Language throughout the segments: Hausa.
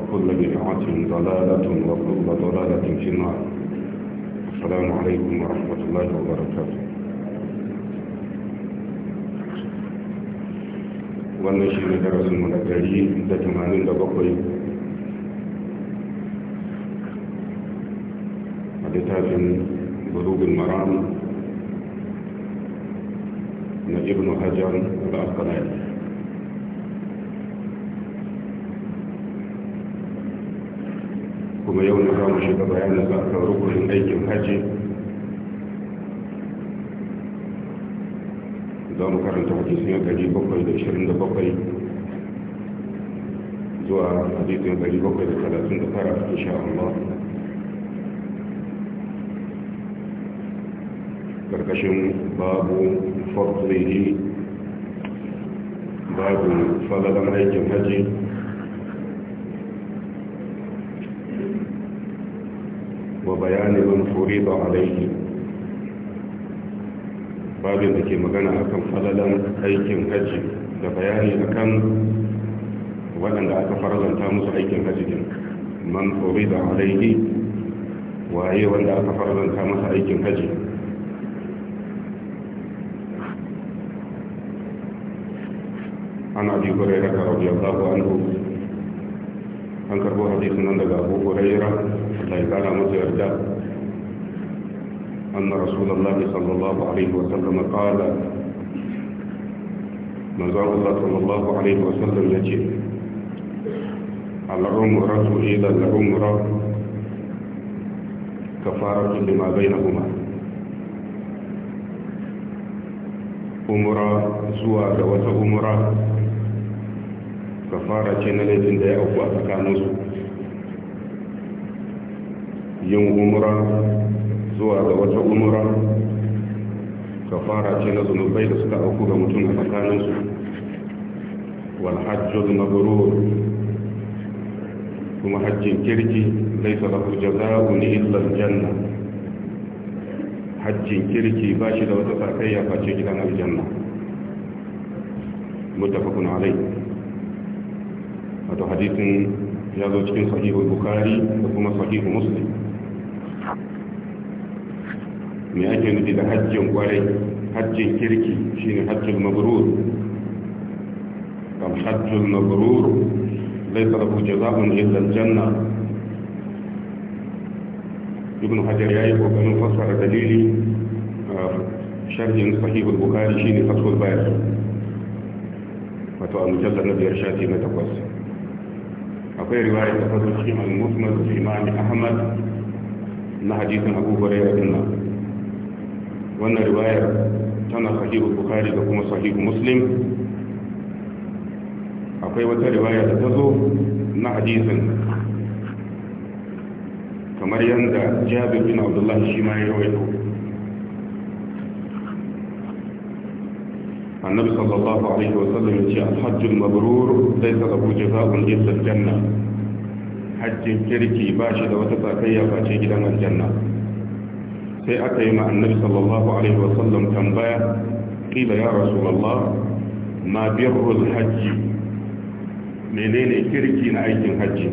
وكل بدعة ضلالة وكل ضلالة في النار السلام عليكم ورحمة الله وبركاته wannan shi ne darasinmu na gari da tamanin da bakwai a littafin burugun maram na ibn hajjar da afghanistan kuma yau na zamu shiga yana sa kan rukunin aikin hajji za mu karanta sun yaka ji bakwai da ishirin da bakwai zuwa hadisin gari bakwai da talatin da tara insha Allah karkashin babu fadlihi babu fadalan aikin hajji وبيان من فريض عليه babin da ke magana a kan aikin hajji da bayani akan kan waɗanda aka faralanta musu aikin hajji man tsori da alaihi waye wanda aka faralanta masa aikin hajji ana bi hurairah radiyallahu anhu an karbo hadisin nan daga abu huraira Allah ya kara masa yarda anna rasulullahi sallallahu alaihi wa sallam qala manzo Allah sallallahu alaihi wa sallam yace al-umratu ila al-umra kafaratu lima bainahuma umra zuwa ga wata umra kafara ce na laifin da ya auku a tsakaninsu yin umura zuwa ga wata umura. kafara ce na zunubai da suka auku ga mutum a tsakaninsu walhajjul mabrur kuma hajjin kirki zai lahu jaza'u ni illa janna. hajjin kirki ba shi da wata sakayya face gidan aljanna muttafaqun alayhi wato hadisin ya zo cikin sahihul bukari da kuma sahihu muslim me ake nufi da hajjin kwarai hajjin kirki shine hajjul mabrur kam hajjul mabrur laysa lahu jaza'un illa al-janna ibn hajar yayi kokarin fassara dalili sharhin sahihul bukari shine fathul bayt wato al-mujallad na biyar shafi na takwas akwai riwaya ta fadu cikin al-musnad da imam ahmad na hadisin abu hurairah din nan wannan riwayar tana sahihu bukhari da kuma sahihu muslim akwai wata riwaya da ta zo na hadisin kamar yadda jabir bin abdullahi shi ma ya rawaito annabi sallallahu alaihi wa sallam ya ce alhajjul mabrur laysa lahu jazaa'un illa janna hajjin kirki ba shi da wata sakayya face gidan aljanna sai aka yi ma annabi sallallahu alaihi wa sallam tambaya qila ya rasulullah ma birrul hajji menene kirki na aikin hajji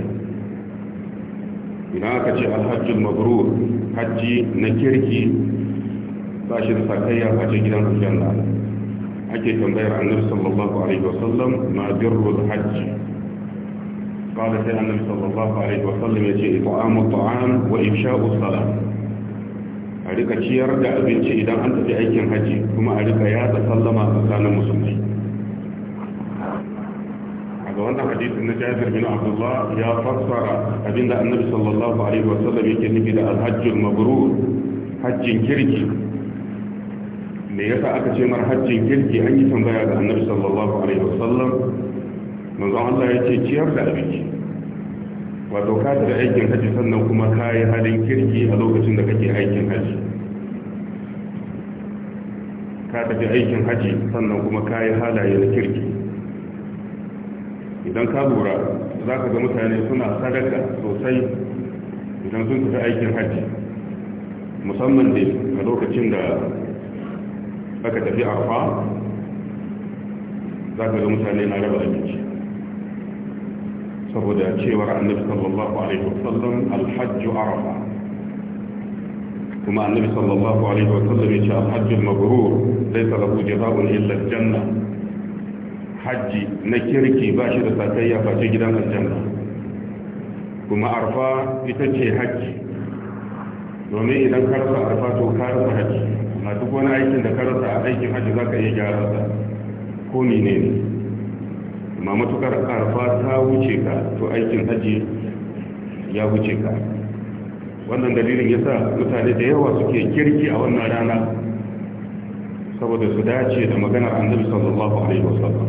idan aka ce alhajjul mabrur hajji na kirki ba shi da sakayya face gidan aljanna ake tambayar annabi sallallahu alaihi wasallam ma jirru hajji qala sai annabi sallallahu alaihi wasallam ya ce ta'amu ta'am wa ifsha'u salat a rika da abinci idan an tafi aikin haji kuma a rika ya sallama tsakanin musulmi a ga wannan hadisi na jabir bin abdullah ya fassara abinda annabi sallallahu alaihi wasallam yake nufi da alhajjul mabrur hajjin kirki me yasa aka ce mar hajjin kirki an yi tambaya ga annabi sallallahu alaihi wasallam manzo Allah ya ce ciyar da abinci wato ka da aikin haji sannan kuma ka yi halin kirki a lokacin da kake aikin haji ka da aikin haji sannan kuma ka yi halaye na kirki idan ka lura za ka ga mutane suna sadaka sosai idan sun tafi aikin haji musamman ne a lokacin da aka tafi arfa za ka ga mutane na raba abinci saboda cewar annabi sallallahu alaihi wasallam alhajju arafa kuma annabi sallallahu alaihi wasallam ya ce alhajjul mabrur laysa lahu jazaa'un illa janna hajji na kirki ba shi da sakayya face gidan aljanna kuma arfa ita ce hajji domin idan ka rasa arfa to ka rasa hajji amma duk wani aikin da ka rasa a aikin hajji za ka iya gyara sa ko ne ne amma matukar arfa ta wuce ka to aikin hajji ya wuce ka wannan dalilin yasa mutane da yawa suke kirki a wannan rana saboda su dace da maganar annabi sallallahu alaihi wasallam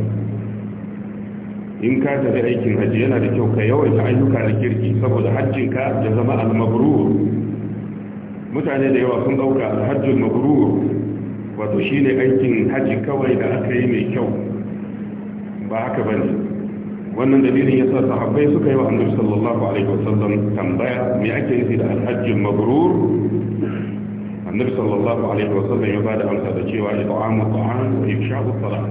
in ka tafi aikin haji yana da kyau ka yawaita ayyuka na kirki saboda hajjinka ya zama al-mabrur mutane da yawa sun dauka hajjul mabrur wato shine aikin haji kawai da aka yi mai kyau ba haka bane wannan dalilin yasa sahabbai suka yi wa annabi sallallahu alaihi wasallam tambaya me ake yi da alhajjul mabrur annabi sallallahu alaihi wasallam ya bada amsa da cewa it'amu ta'am wa ifsha'u salat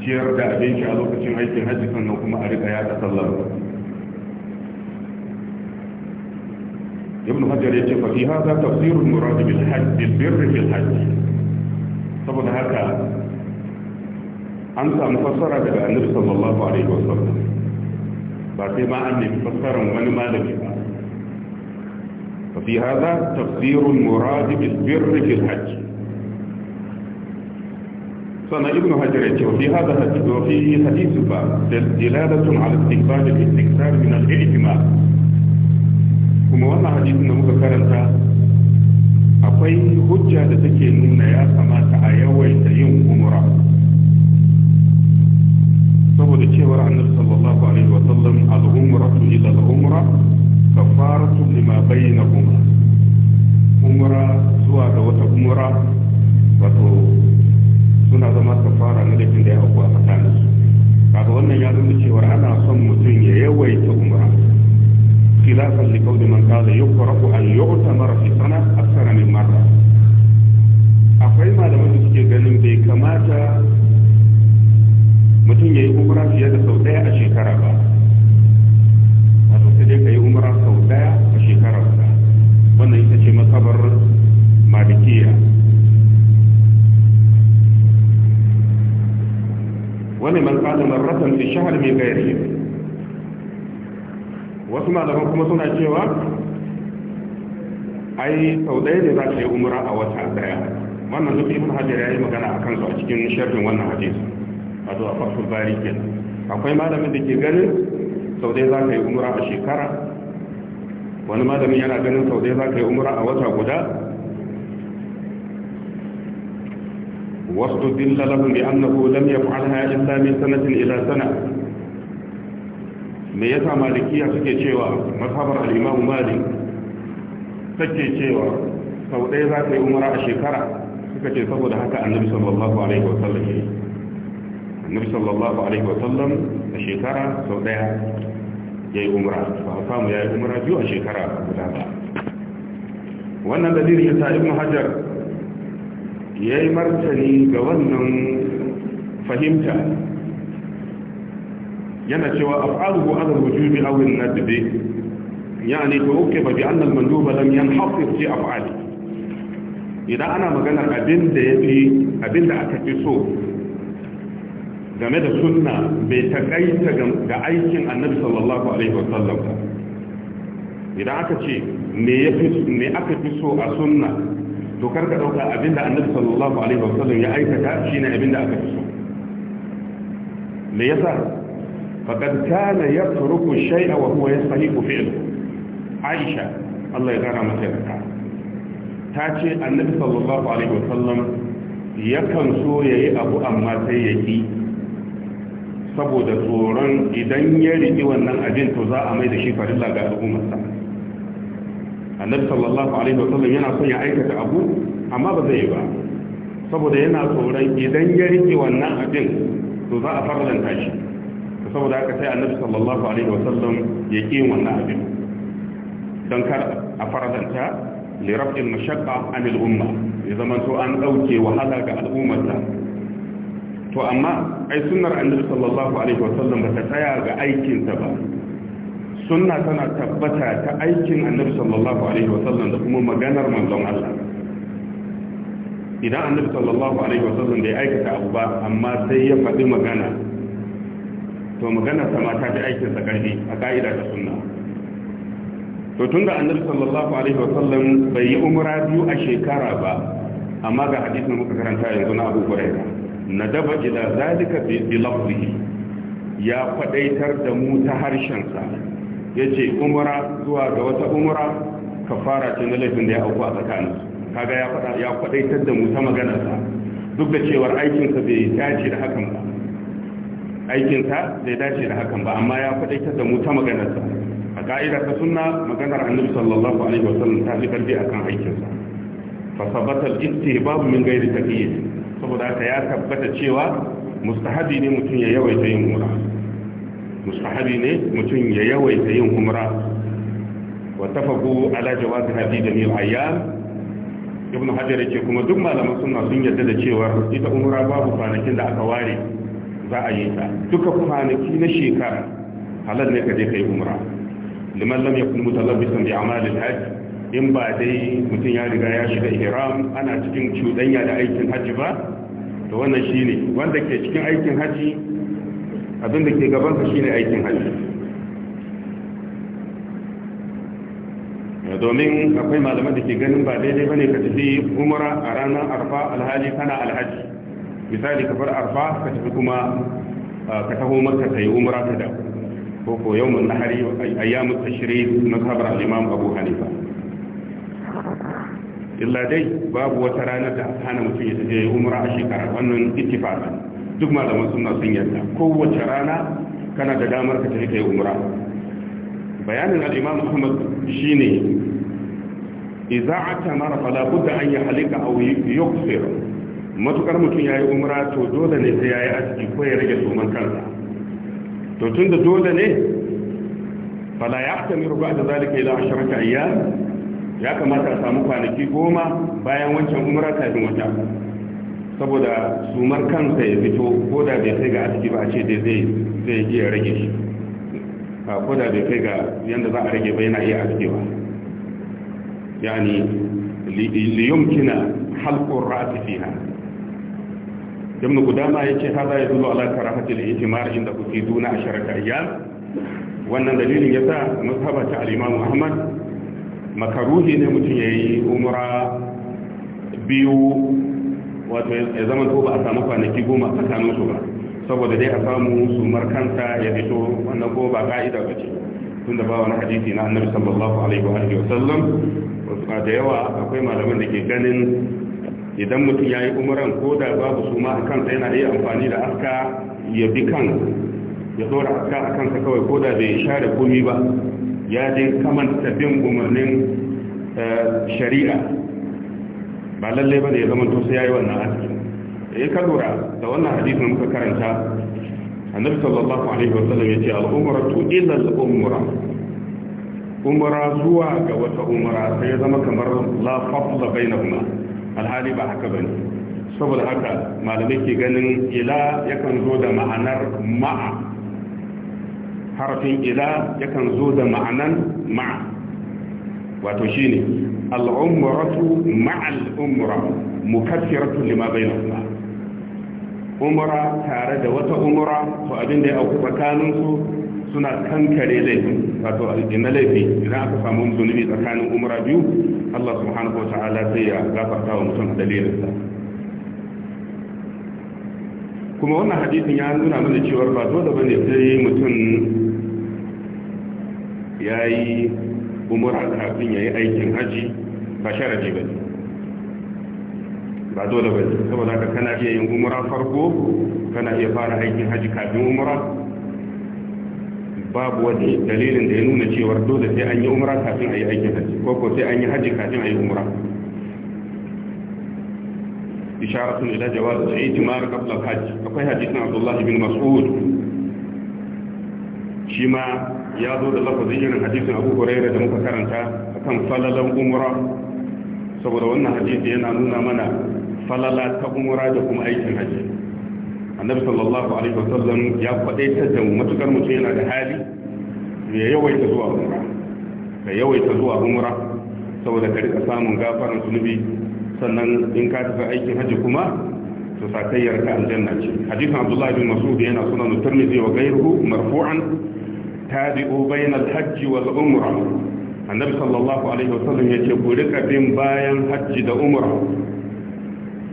ciyar da abinci a lokacin aikin haji sannan kuma a riga ya ta sallama ابن هجر يجب في هذا تفسير المراد بالحج بالبر في الحج طبعا هذا أنت مفسر على النبي صلى الله عليه وسلم بعد ما أني مفسر من مالك ففي هذا تفسير المراد بالبر في الحج صنع ابن هجر وفي هذا الحديث وفيه حديث دلالة على استقبال الاستكثار من الاهتمام kuma wannan hadisin da muka karanta akwai hujja da take nuna ya kamata a yawaita yin umura saboda cewar annabi sallallahu alaihi wa sallam al-umratu ila al-umra kafaratu lima bainahuma umra zuwa ga wata umra wato suna zama kafara na laifin da ya auku a tsakaninsu kaga wannan ya nuna cewar ana son mutum ya yawaita umra خلافا لقول من قال يكره ان يؤتمر في سنه اكثر من مره. أخي ما لم تكن تجنن بي كما تا متن يي عمرة في هذا سوداء الشيكارا با. أتوقع ذلك يي سوداء الشيكارا وانا يتشي مصبر مالكية. ومن قال مرة في الشهر من غيرهم wasu malaman kuma suna cewa ai sau ɗaya ne za ka yi umura a wata ɗaya wannan duk ibn hajar ya yi magana a kansu a cikin sharhin wannan hadisi a zuwa fasul bari akwai malamin da ke ganin sau ɗaya za ka yi umura a shekara wani malamin yana ganin sau ɗaya za ka yi umura a wata guda wasu na bi annahu lam yaf'alha illa min sanatin ila sana me yasa malikiya suke cewa masabar al-imam malik take cewa sau ɗaya za ta yi umara a shekara suka ce saboda haka annabi sallallahu alaihi wa sallam annabi sallallahu alaihi wa sallam a shekara sau ɗaya ya yi umara ba a samu ya yi umara biyu a shekara guda ba wannan dalilin ya sa ibn hajar ya yi martani ga wannan fahimta yana cewa af'aluhu ala al-wujubi aw al-nadbi yani to uke ba bi anna al-manduba lam yanhasir fi af'ali idan ana magana abin da yafi abin da aka fi so game da sunna bai takaita ga aikin annabi sallallahu alaihi wa sallam idan aka ce me yafi me aka fi so a sunna to karka dauka abin da annabi sallallahu alaihi wa sallam ya aikata shine abin da aka fi so me yasa faqad kana yatruku shay'a wa huwa yastahiqu fi'lu Aisha Allah ya kara mata yarda ta ce annabi sallallahu alaihi wasallam yakan so ya yi abu amma sai ya ƙi, saboda tsoron idan ya riki wannan abin to za a mai da shi farilla ga al'ummarsa annabi sallallahu alaihi wasallam yana son ya aikata abu amma ba zai yi ba saboda yana tsoron idan ya rike wannan abin to za a farlanta shi saboda haka sai annabi sallallahu alaihi wasallam ya ki wannan abin don kar a faradanta li raf'il mashaqqa an al umma ya zaman to an dauke wahala ga al'ummarta to amma ai sunnar annabi sallallahu alaihi wasallam bata tsaya ga aikinta ba sunna tana tabbata ta aikin annabi sallallahu alaihi wasallam da kuma maganar manzon Allah idan annabi sallallahu alaihi wasallam bai aikata abu ba amma sai ya faɗi magana to ta sama ta ji aikin sa karfi a ka'ida da sunna to tun da annabi sallallahu alaihi wasallam bai yi umra biyu a shekara ba amma ga hadisin muka karanta yanzu na Abu Hurairah nadaba ila zalika bi lafzihi ya fadaitar da mu ta harshen sa yace umra zuwa ga wata umra kafara ce na laifin da ya auku a tsakanin kaga ya fada ya fadaitar da mu ta maganar sa duk da cewar aikin sa bai dace da hakan ba aikinsa zai dace da hakan ba amma ya faɗaitar da mu ta maganarsa a ka'ida ta suna maganar annabi sallallahu alaihi wasallam ta fi karfi akan aikinsa fa sabata al babu min ghairi taqyid saboda haka ya tabbata cewa mustahabi ne mutum ya yawaita yin umra mustahabi ne mutum ya yawaita yin umra wa tafaqu ala jawazi hadi jamil ayyam ibn hajar yake kuma duk malaman sunna sun yarda da cewa ita umra babu kwanakin da aka ware za a yi ta duka kwanaki na shekara halal ne ka je kai umra liman lam yakun mutalabbisan bi a'malil hajj in ba dai mutum ya riga ya shiga ihram ana cikin cudanya da aikin hajji ba to wannan shine wanda ke cikin aikin hajji abin da ke gaban ka shine aikin hajji domin akwai malaman da ke ganin ba daidai bane ka tafi umra a ranar arfa alhali kana alhaji misali ka bar arfa ka tafi kuma ah, ka taho maka ta yi umra ta da ko ko yau mun nahari ayyamu tashrik mazhabar al-imam Abu Hanifa illa dai babu wata ranar da hana mutum ya tafi umra a shekara wannan ittifaqan duk malaman sunna sun yarda kowace rana kana da damar ka tafi kai umra bayanin al-imam Ahmad shine idza atamara fala budda an yahlika aw yuksira matukar mutum ya yi umra to dole ne sai ya yi aski ko ya rage tsoman kansa to tun da dole ne fala ya ta miru da zalika ila shirka iya ya kamata a samu kwanaki goma bayan wancan umra kafin wata saboda sumar kansa ya fito ko da bai kai ga aski ba a ce zai iya rage shi ko da bai kai ga yanda za a rage ba yana iya ba yani liyumkina halqur ra'si ibn qudama yace hada ya dulu ala karahati al-ijma' inda kuke duna asharata ayyam wannan dalilin yasa mazhaba ta al-imam ahmad makaruhi ne mutum yayi umra biyu wato ya zama ko ba a samu kwanaki goma tsakanin su ba saboda dai a samu su markanta ya fito wannan ko ba ka'ida ba ce tunda ba wani hadisi na annabi sallallahu alaihi wa sallam da yawa akwai malaman da ke ganin idan mutum ya yi umaran ko da babu su ma a kanta yana iya amfani da aska ya bi kan ya tsora aska a kansa kawai ko da bai share komi ba ya je kamanta bin umarnin eh, shari'a ba lalle ba ne ya zama to ya yi wannan aski ya eh, ka lura da wannan hadisin muka karanta annabi sallallahu alaihi wasallam ya ce al'umratu ila al'umra Umara zuwa ga wata umara sai ya zama kamar la fadla bainahuma alhali ba haka ba ne saboda haka malamai ke ganin ila yakan zo da ma'anar ma'a harafin ila yakan zo da ma'anan ma'a wato shine al'umratu ma'al umra mukaffiratu lima bainahuma umra tare da wata umara to abin da ya auku tsakaninsu suna kankare laifin wato aljanna laifi idan aka samu zunubi tsakanin umra biyu Allah subhanahu wataala sai ya gafarta wa mutum a dalilinsa kuma wannan hadisin ya nuna mana cewar ba dole bane sai mutum ya yi umra kafin ya yi aikin haji ba sharadi ba ba dole ba saboda haka kana iya yin umra farko kana iya fara aikin haji kafin umra babu wani dalilin da ya nuna cewar dole sai an yi umra kafin a yi aikin hajji ko ko sai an yi hajji kafin a yi umra isharatun ila jawaz al-ijmar qabla al-hajj akwai hadisin Abdullah ibn Mas'ud shi ma ya zo da lafazin irin hadisin Abu huraira da muka karanta akan falalan umra saboda wannan hadisi yana nuna mana falala ta umra da kuma aikin hajji annabi sallallahu alaihi wa wasallam ya faɗe ta matukar mutum yana da hali ya yawaita zuwa umra ka yawaita zuwa umra saboda ka rika samun gafaran zunubi sannan in ka tafi aikin haji kuma to sakayyar ka aljanna ce hadisin abdullahi bin mas'ud yana sunan tirmidhi wa ghayruhu marfu'an tabi'u bayna al-hajj wal umra annabi sallallahu alaihi wa wasallam yace ku rika bin bayan hajji da umra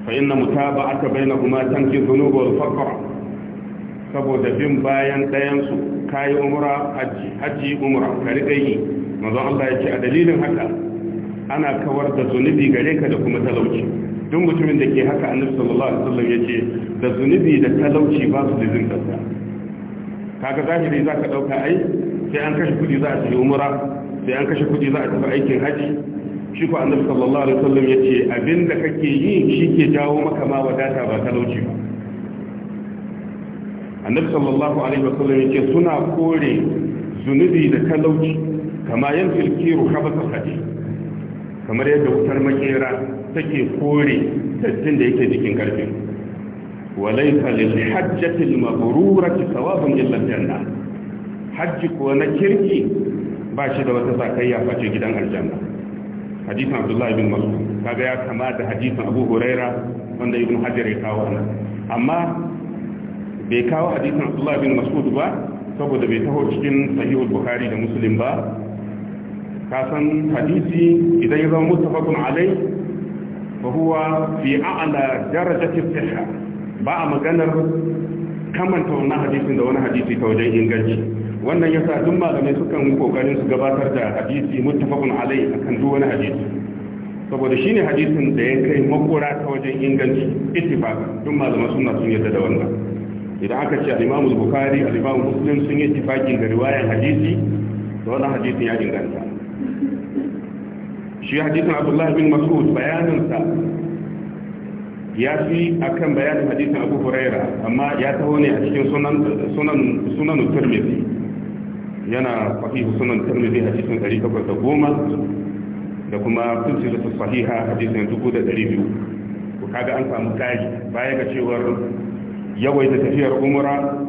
فإن متابعة بينهما تنكي tanki dhunuba سبو دفن saboda bin bayan أمرا حجي حجي أمرا haji haji الله kare dai manzo Allah yace a dalilin haka ana kawar da zunubi gare da kuma talauci duk mutumin da ke haka annabi sallallahu alaihi da da kaga zahiri zaka dauka ai sai an kashe kudi za a yi umra sai an kashe kudi za a tafi aikin haji shi ko annabi sallallahu alaihi wasallam yace abinda kake yi shi ke jawo maka ma wadata ba talauci ba annabi sallallahu alaihi wasallam yace suna kore zunubi da talauci kama yan filkiru khabata hadi kamar yadda wutar makera take kore dattin da yake jikin karfe walaysa lil hajjati al mabrurati thawabun illa janna hajji ko na kirki ba shi da wata sakayya face gidan aljanna hadisin abdullahi bin mas'ud kaga ya kama da hadisin abu huraira wanda ibn hajar ya kawo nan amma bai kawo hadisin abdullahi bin mas'ud ba saboda bai taho cikin sahihul Buhari da muslim ba Kasan hadisi idan ya zama muttafaqun alai fa huwa fi a'la darajati sihha ba a maganar kamanta wannan hadisin da wani hadisi ta wajen inganci wannan yasa duk malamai sukan kokarin su gabatar da hadisi muttafaqun alai akan duk wani hadisi saboda shine hadisin da ya kai makura ta wajen inganci ittifaq duk malamai sunna sun yarda da wannan idan aka ce al-Imam Bukhari al-Imam Muslim sun yi ittifaqin da riwayar hadisi to wannan hadisin ya inganta shi hadisin Abdullah bin Mas'ud bayanin sa ya fi akan bayanin hadisin Abu Huraira amma ya taho ne a cikin sunan sunan sunan Tirmidhi yana sahihu sunan tirmidhi a cikin 810 da kuma silsilatu sahiha a cikin 2200 to kaga an samu kai baya ga cewar yawaita tafiyar umura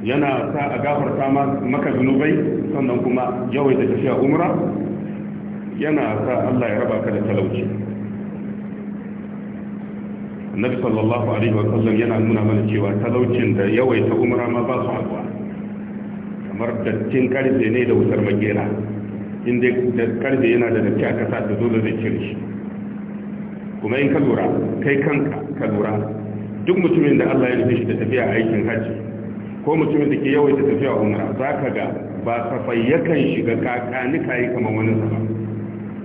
yana sa a gafarta maka zunubai sannan kuma yawaita tafiya umura yana sa Allah ya raba ka da talauci annabi sallallahu alaihi sallam yana nuna mana cewa talaucin da yawaita umra ma ba su haɗuwa kamar dattin karfe ne da wutar magera inda karfe yana da datti a kasa da dole zai cire shi kuma in ka lura kai kanka ka lura duk mutumin da Allah ya rufe shi da tafiya aikin hajji ko mutumin da ke yawaita tafiya umra za ka ga ba safai yakan shiga kakani kayi kamar wani sama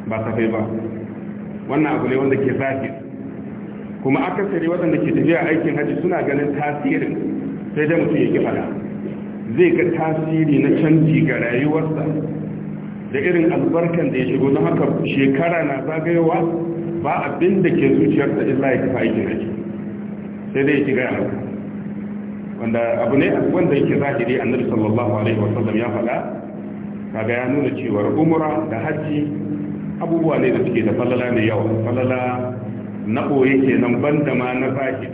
ba safai ba wannan abu ne wanda ke zafi kuma akasari waɗanda ke tafiya aikin hajji suna ganin tasirin sai dai mutum ya ki fada zai ga tasiri na canji ga rayuwarsa da irin albarkan da ya shigo don haka shekara na zagayowa ba abin da ke zuciyarsa illa ya kafa aikin aiki sai dai ya shiga ya wanda abu ne wanda yake zahiri a annabi sallallahu alaihi wasallam ya faɗa kaga ya nuna cewar umura da hajji abubuwa ne da suke da falala mai yawa falala na ɓoye kenan da ma na zahiri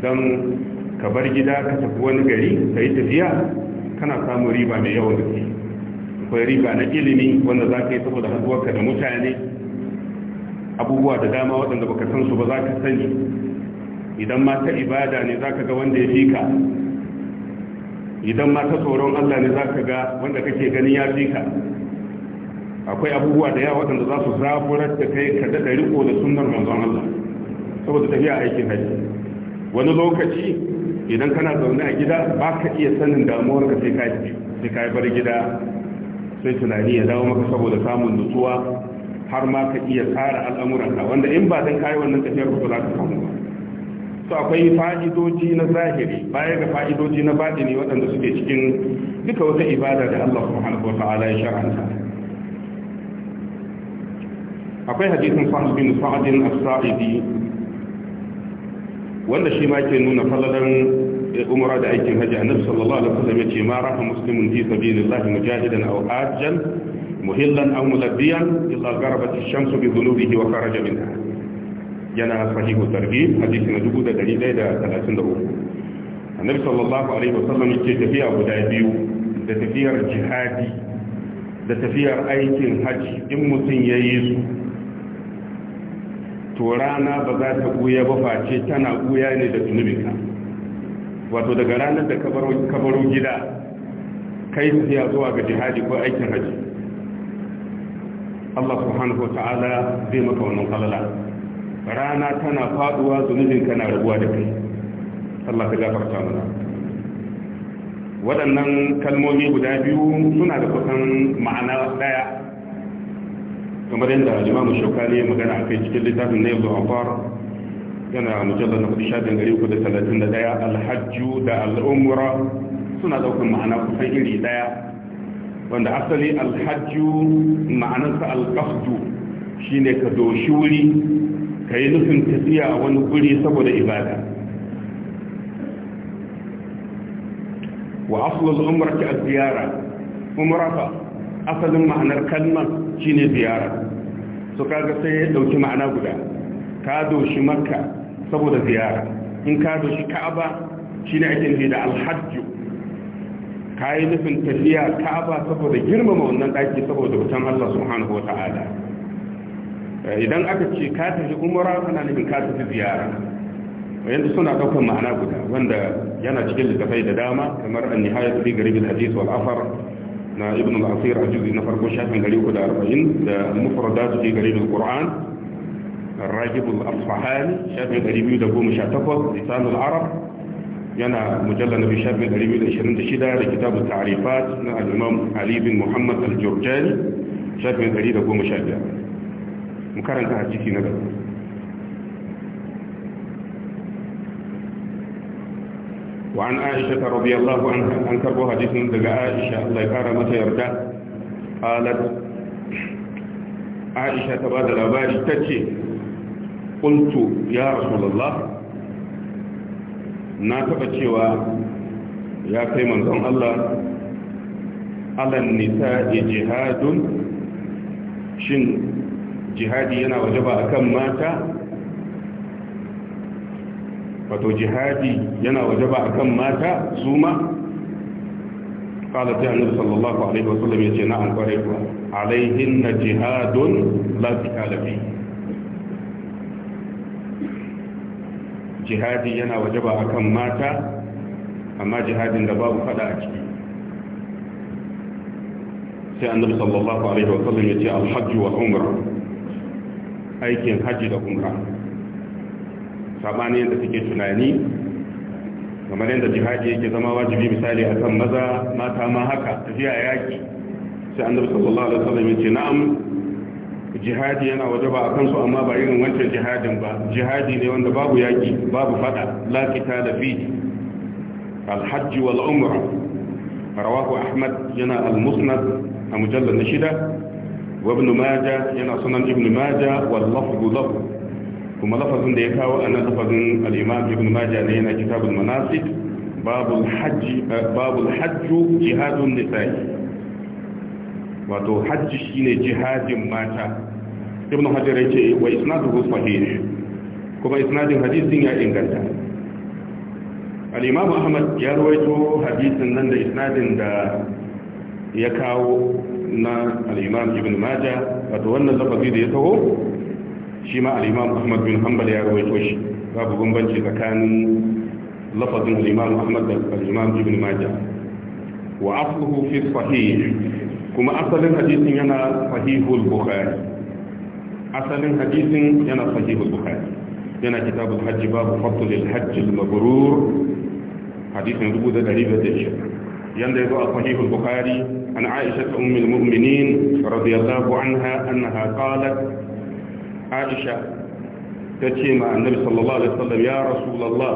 don ka bar gida ka tafi wani gari ka yi tafiya kana samun riba mai yawan gaske akwai riba na ilimi wanda za ka yi saboda haduwarka da mutane abubuwa da dama waɗanda baka san su ba za ka sani idan ma ta ibada ne za ka ga wanda ya fi ka idan ma ta tsoron allah ne za ka ga wanda kake ganin ya fi ka akwai abubuwa da yawa waɗanda za su zaburar da kai ka daɗa riko da sunnar manzon allah saboda tafiya aikin hajji wani lokaci idan kana zaune a gida ba ka iya sanin damuwar ka sai ka bar gida sai tunani ya dawo maka saboda samun nutsuwa har ma ka iya tsara al'amuranka wanda in ba dan kayi wannan tafiyar ba za ka samu ba to akwai fa'idoji na zahiri baya ga fa'idoji na baɗini waɗanda suke cikin duka wata ibada da Allah subhanahu wa ta'ala ya shar'anta akwai hadisin sa'ad bin saidi wanda shi ma ke nuna falalan eh, umara da aikin haji annabi sallallahu alaihi wasallam yace ma raha muslimun fi sabilillah mujahidan aw hajjan muhillan aw mulabbiyan illa gharabat ash-shamsu bi dhunubihi wa kharaja minha yana sahihu targhib hadisi na 1133 annabi sallallahu alaihi wasallam yace tafiya guda biyu da tafiyar jihadi da tafiyar aikin haji in mutun yayi su to rana ba za ta guya ba face tana guya ne da zunubinka wato daga ranar da kabaro gida kai ya zuwa ga jihadi ko aikin haji Allah subhanahu wa ta'ala zai maka wannan kalala rana tana faduwa zunubinka na rabuwa da kai Allah ka gafarta mana waɗannan kalmomi guda biyu suna da kusan ma'ana ɗaya kamar yadda alimamu shaukani ya magana a kai cikin littafin na yanzu amfar yana mujallar na kudu shafin gari uku da talatin da daya alhajju da al'umura suna daukan ma'ana kusan iri daya wanda asali alhajju ma'anarsa alkafju shi ne ka doshi wuri ka yi nufin tafiya a wani guri saboda ibada wa asalin umarci a ziyara umara asalin ma'anar kalmar shine ziyara so kaga sai ya dauki ma'ana guda ka doshi makka saboda ziyara in ka doshi ka'aba shi shine ake nufi da alhajju ka yi nufin tafiya ka'aba saboda girmama wannan daki saboda wutan Allah subhanahu wa ta'ala eh, idan aka ce ka tafi umara kana nufin ka tafi ziyara yanzu suna ɗaukar ma'ana guda wanda yana cikin littafai da dama kamar an nihayat bi garibin hadis wal afar na ibn al-asir a juzi na farko shafin 340 da غريب القران gari al شاف من غريب يد ابو مشاتفه لسان العرب ينا مجلد في شاب الأريبي الأشرين تشيدا لكتاب التعريفات الإمام علي بن محمد الجرجاني من غريب ابو مشاتفه مكارن تهجيكي نقل وعن عائشة رضي الله عنها أنكر حديث دقاء عائشة الله يقار متى يرجع قالت عائشة بعد الأباري تتشي قلت يا رسول الله ناتبتشي و يا كيمن زم الله على النساء جهاد شن jihadi yana wajaba akan mata wato jihadi yana waje wajaba akan mata su ma qala ta annabi sallallahu alaihi wasallam ce na an kware ku alaihin jihadun la tikalafi jihadi yana waje wajaba akan mata amma jihadin da babu fada a ciki sai annabi sallallahu alaihi wasallam ya ce alhaji wal umra aikin haji da umra sabanin yadda suke tunani kamar yadda jihadi yake zama wajibi misali a kan maza mata ma haka tafiya yaƙi sai annabi sallallahu da wasallam ya ce na'am jihadi yana ba a kansu amma ba irin wancan jihadin ba jihadi ne wanda babu yaƙi babu fada lakita da fi Alhaji hajj wal umra rawahu ahmad yana al-musnad a mujallar na shida wa ibn majah yana sunan ibn majah wal lafzu lahu kuma lafazin da ya kawo a nan lafazin al'imam ibn maja ne yana kitabul manasik eh, babul hajju jihadun nisa'i wato hajji shine jihadin mata ibn hajar yake wa isnadu sahih kuma isnadin hadisin ya inganta al-imam ahmad ya rawaito hadisin nan da isnadin da ya kawo na al-imam ibn majah wato wannan lafazi da ya taho shi ma al-imam Ahmad bin Hanbal ya rawaito shi babu bambanci tsakanin lafazin al-imam Ahmad da al-imam Ibn Majah wa asluhu fi sahih kuma asalin hadisin yana sahihul bukhari asalin hadisin yana sahihul bukhari yana kitabul hajji babu fadlil hajji al-mabrur hadisin 1220 يندى صحيح البخاري عن عائشة أم المؤمنين رضي الله عنها أنها قالت aisha ta ce ma annabi sallallahu alaihi wasallam ya rasulullah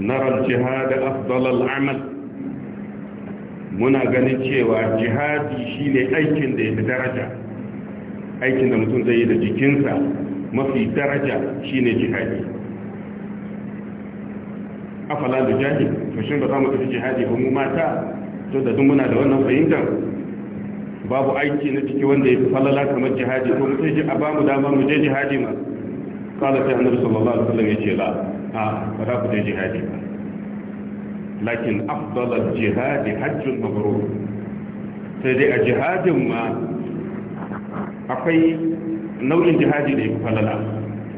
nara jihad afdal al-amal muna ganin cewa jihadi shine aikin da yake daraja aikin da mutum zai yi da jikinsa mafi daraja shine jihadi afala da jahil to shin ba za mu tafi jihadi ba mu mata to da duk muna da wannan fahimtar babu aiki na ciki wanda ya fi falala kamar jihadi ko mutai ji a bamu dama mu je jihadi ma kala sai annabi sallallahu alaihi wasallam ya ce la a ba za ku je jihadi ba lakin afdal al-jihad hajjun mabrur sai dai a jihadin ma akwai nau'in jihadi da ya fi falala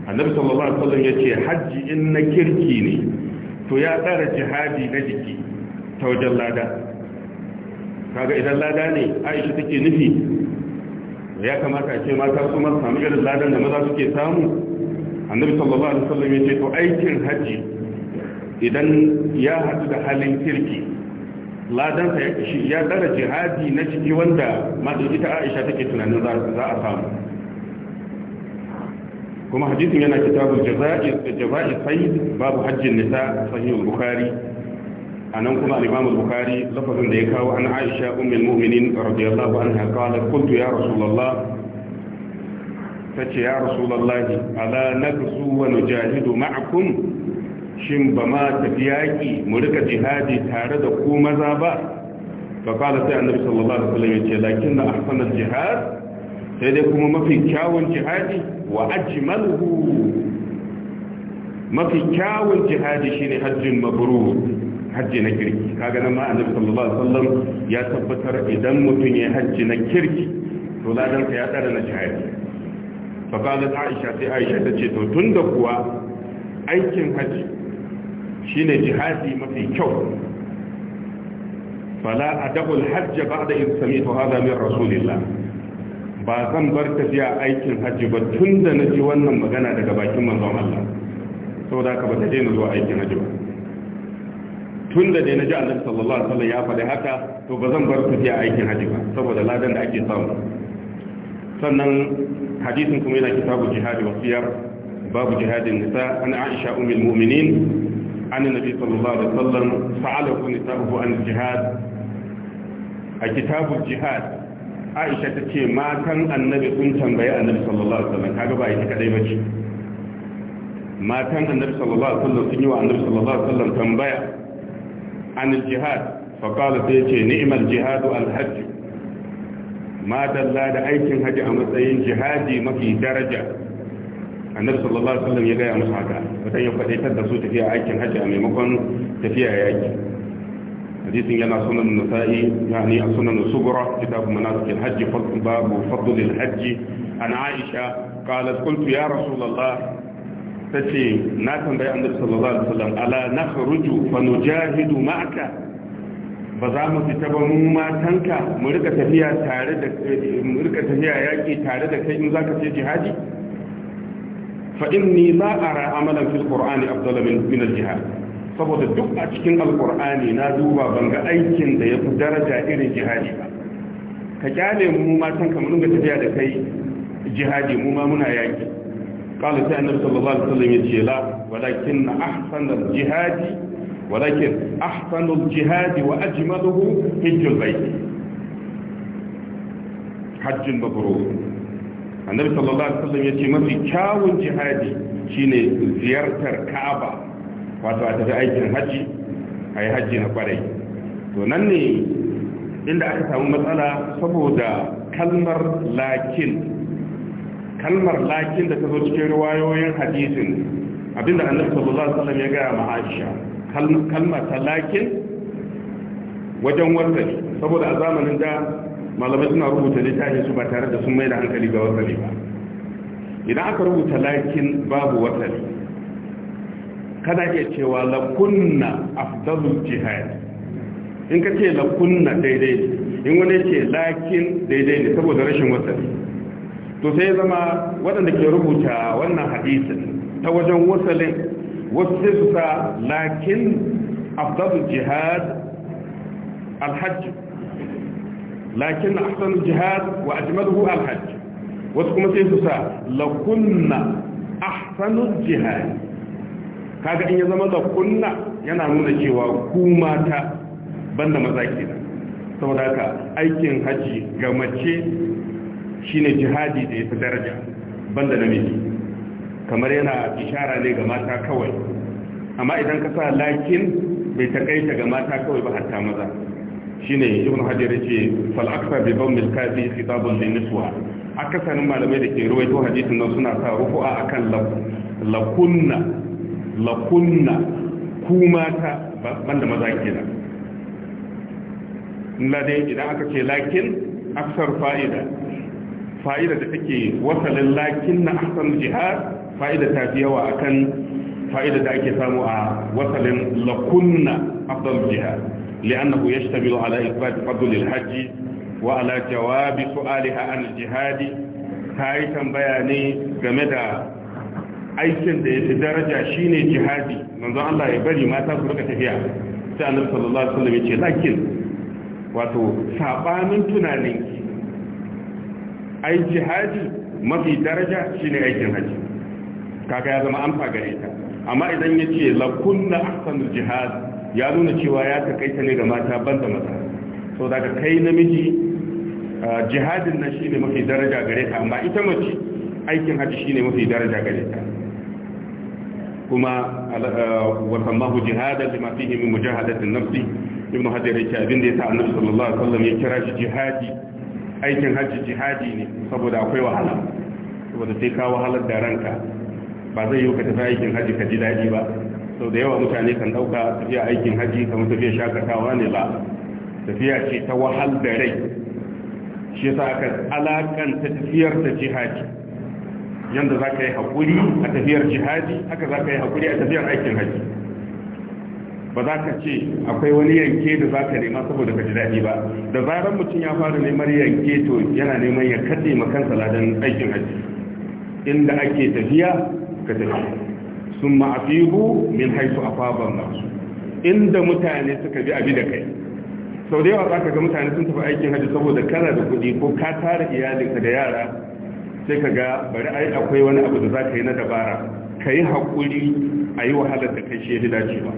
annabi sallallahu alaihi wasallam ya ce hajji in na kirki ne to ya tsara jihadi na jiki ta wajen lada kaga idan lada ne aisha take nufi ya kamata ce mata su masu samu irin ladan da maza suke samu annabi sallallahu alaihi wasallam ya ce to aikin haji idan ya hadu da halin kirki ladan sa ya dara jihadi na ciki wanda madan ita aisha take tunanin za a samu kuma hadisin yana kitabul jazaa'i jazaa'i sayyid babu hajjin nisa sahih al-bukhari anan kuma al-Imam al-Bukhari lafazin da ya kawo an Aisha ummul mu'minin radiyallahu anha qala qultu ya rasulullah tace ya rasulullah ala naqsu wa nujahidu ma'akum shin ba ma tafi yaki mu rika jihadi tare da ku maza ba fa qala sai annabi sallallahu alaihi wasallam yace lakin ahsan al-jihad sai dai kuma mafi kyawun jihadi wa ajmaluhu mafi kyawun jihadi shine hajjin mabrur hajji na kirki kaga nan ma annabi sallallahu alaihi wasallam ya tabbatar idan mutum ya hajji na kirki to ladan ya tsara na jihadi fa kaga Aisha sai Aisha ta ce to tunda kuwa aikin hajji shine jihadi mafi kyau fala adabul hajj ba'da in sami'tu hadha min rasulillah ba zan bar tafiya aikin hajji ba tunda naji wannan magana daga bakin manzon Allah saboda haka ba ta daina zuwa aikin hajji ba tun da dai na ji annabi sallallahu alaihi wasallam ya faɗi haka to ba zan bar tafiya aikin haji ba saboda ladan da ake samu sannan hadisin kuma yana kitabu jihadi wa siyar babu jihadin nisa an aisha ummul mu'minin an nabi sallallahu alaihi wasallam sa'ala kun tabu an jihad a kitabu jihad aisha ta ce matan annabi sun tambaye annabi sallallahu alaihi wasallam kaga ba ita kadai bace matan annabi sallallahu alaihi wasallam sun yi wa annabi sallallahu alaihi wasallam tambaya عن الجهاد فقال سيتي نعم الجهاد الحج ما دل هذا أيكن هج أمسين جهادي ما في درجة النبي صلى الله عليه وسلم يقول يا مصحاك فتن يبقى يتدى صوت فيها أيكن هج أمي مقن تفيها يا أيكن حديث ينا سنة النسائي يعني سنة الصبرة كتاب مناسك الحج فضل باب وفضل الهج عن عائشة قالت قلت يا رسول الله ta ce na tambayi annabi sallallahu alaihi wasallam ala nakhruju fano jahidu ma'aka ba za mu fita ba mu matanka mu rika tafiya tare da mu rika tafiya yaki tare da kai in zaka je jihadi fa inni la ara amalan fil qur'ani afdala min min jihad saboda duk a cikin alqur'ani na duba ban ga aikin da yafi daraja irin jihadi ba ka kyale mu matanka mu rinka tafiya da kai jihadi mu ma muna yaki قال سيدنا صلى الله عليه وسلم يجيلا ولكن أحسن الجهاد ولكن أحسن الجهاد وأجمله حج البيت حج مبرور النبي صلى الله عليه وسلم يجي مفي كاون جهادي شيني زيارة كعبة wato a tafi aikin hajji a yi hajji na kwarai to nan ne inda aka samu matsala saboda kalmar lakin kalmar lakin da ta zo cikin riwayoyin hadisin abinda annabi sallallahu alaihi wasallam ya gaya ma Aisha kalmar ta lakin wajen wasali saboda a zamanin da malamai suna rubuta littafi su ba tare da sun mai da hankali ga wasali ba idan aka rubuta lakin babu wasali kada iya cewa la kunna afdalul jihad in ka ce la kunna daidai in wani ce lakin daidai ne saboda rashin wasali to sai ya zama waɗanda ke rubuta wannan hadisin ta wajen wasalin wasu sai su sa lakin afdalul jihad alhajj lakin afdalul jihad wa ajmaluhu alhajj wasu kuma sai su sa lakunna ahsanul jihad kaga in ya zama lakunna yana nuna cewa ku mata banda maza saboda haka aikin haji ga mace shine jihadi da ya fi daraja banda namiji kamar yana bishara ne ga mata kawai amma idan ka sa lakin bai takaita ga mata kawai ba hatta maza shine ibn hajar yace fal akthar bi dawm al kafi zai lin niswa akasarin malamai da ke ruwaito hadisin nan suna sa rufu'a akan lakunna lakunna ku mata banda maza kenan illa dai idan aka ce lakin aksar fa'ida fa'ida da take wasalin lakin na ahsan jihar fa'ida ta fi yawa akan fa'ida da ake samu a wasalin lakunna afdal jihad li'annahu yashtamilu ala isbat fadl al-hajj wa ala jawab su'alaha an Jihadi ta yi tambaya ne game da aikin da ya fi daraja shi ne jihadi manzon Allah ya bari mata su rika tafiya sai annabi sallallahu alaihi wasallam ya ce lakin wato sabanin tunanin. ai jihadi mafi daraja shine aikin haji kaga ya zama amfa gare ta amma idan ya ce la kunna ahsanul jihad ya nuna cewa ya takaita ne ga mata banda maza so daga kai namiji jihadin nan shine mafi daraja gare ta amma ita mace aikin haji shine mafi daraja gare ta kuma wasammahu jihadan lima fihi min mujahadatin nafsi ibnu hajar yake abin da ya yasa annabi sallallahu alaihi wasallam ya kira shi jihadi aikin hajji jihadi ne saboda akwai wahala saboda sai ka wahalar da ranka ba zai yi ka tafi aikin hajji ka ji daɗi ba sau da yawa mutane kan ɗauka tafiya aikin hajji kamar tafiya shakatawa ne ba tafiya ce ta wahal da rai shi yasa aka alakanta tafiyar da jihadi yanda za ka yi haƙuri a tafiyar jihadi haka za ka yi haƙuri a tafiyar aikin hajji ba za ka ce akwai wani yanke da za ka nema saboda ka ji daɗi ba da zarar mutum ya fara neman yanke to yana neman ya kaɗe makansa ladan aikin hajji inda ake tafiya ka tafi sun ma'afihu min haisu a faban masu inda mutane suka bi abi da kai sau da yawa za ka ga mutane sun tafi aikin hajji saboda kana da kuɗi ko ka tara iyalinka da yara sai ka ga bari ai akwai wani abu da za ka yi na dabara ka yi haƙuri a yi wahalar da kai shi ya fi dacewa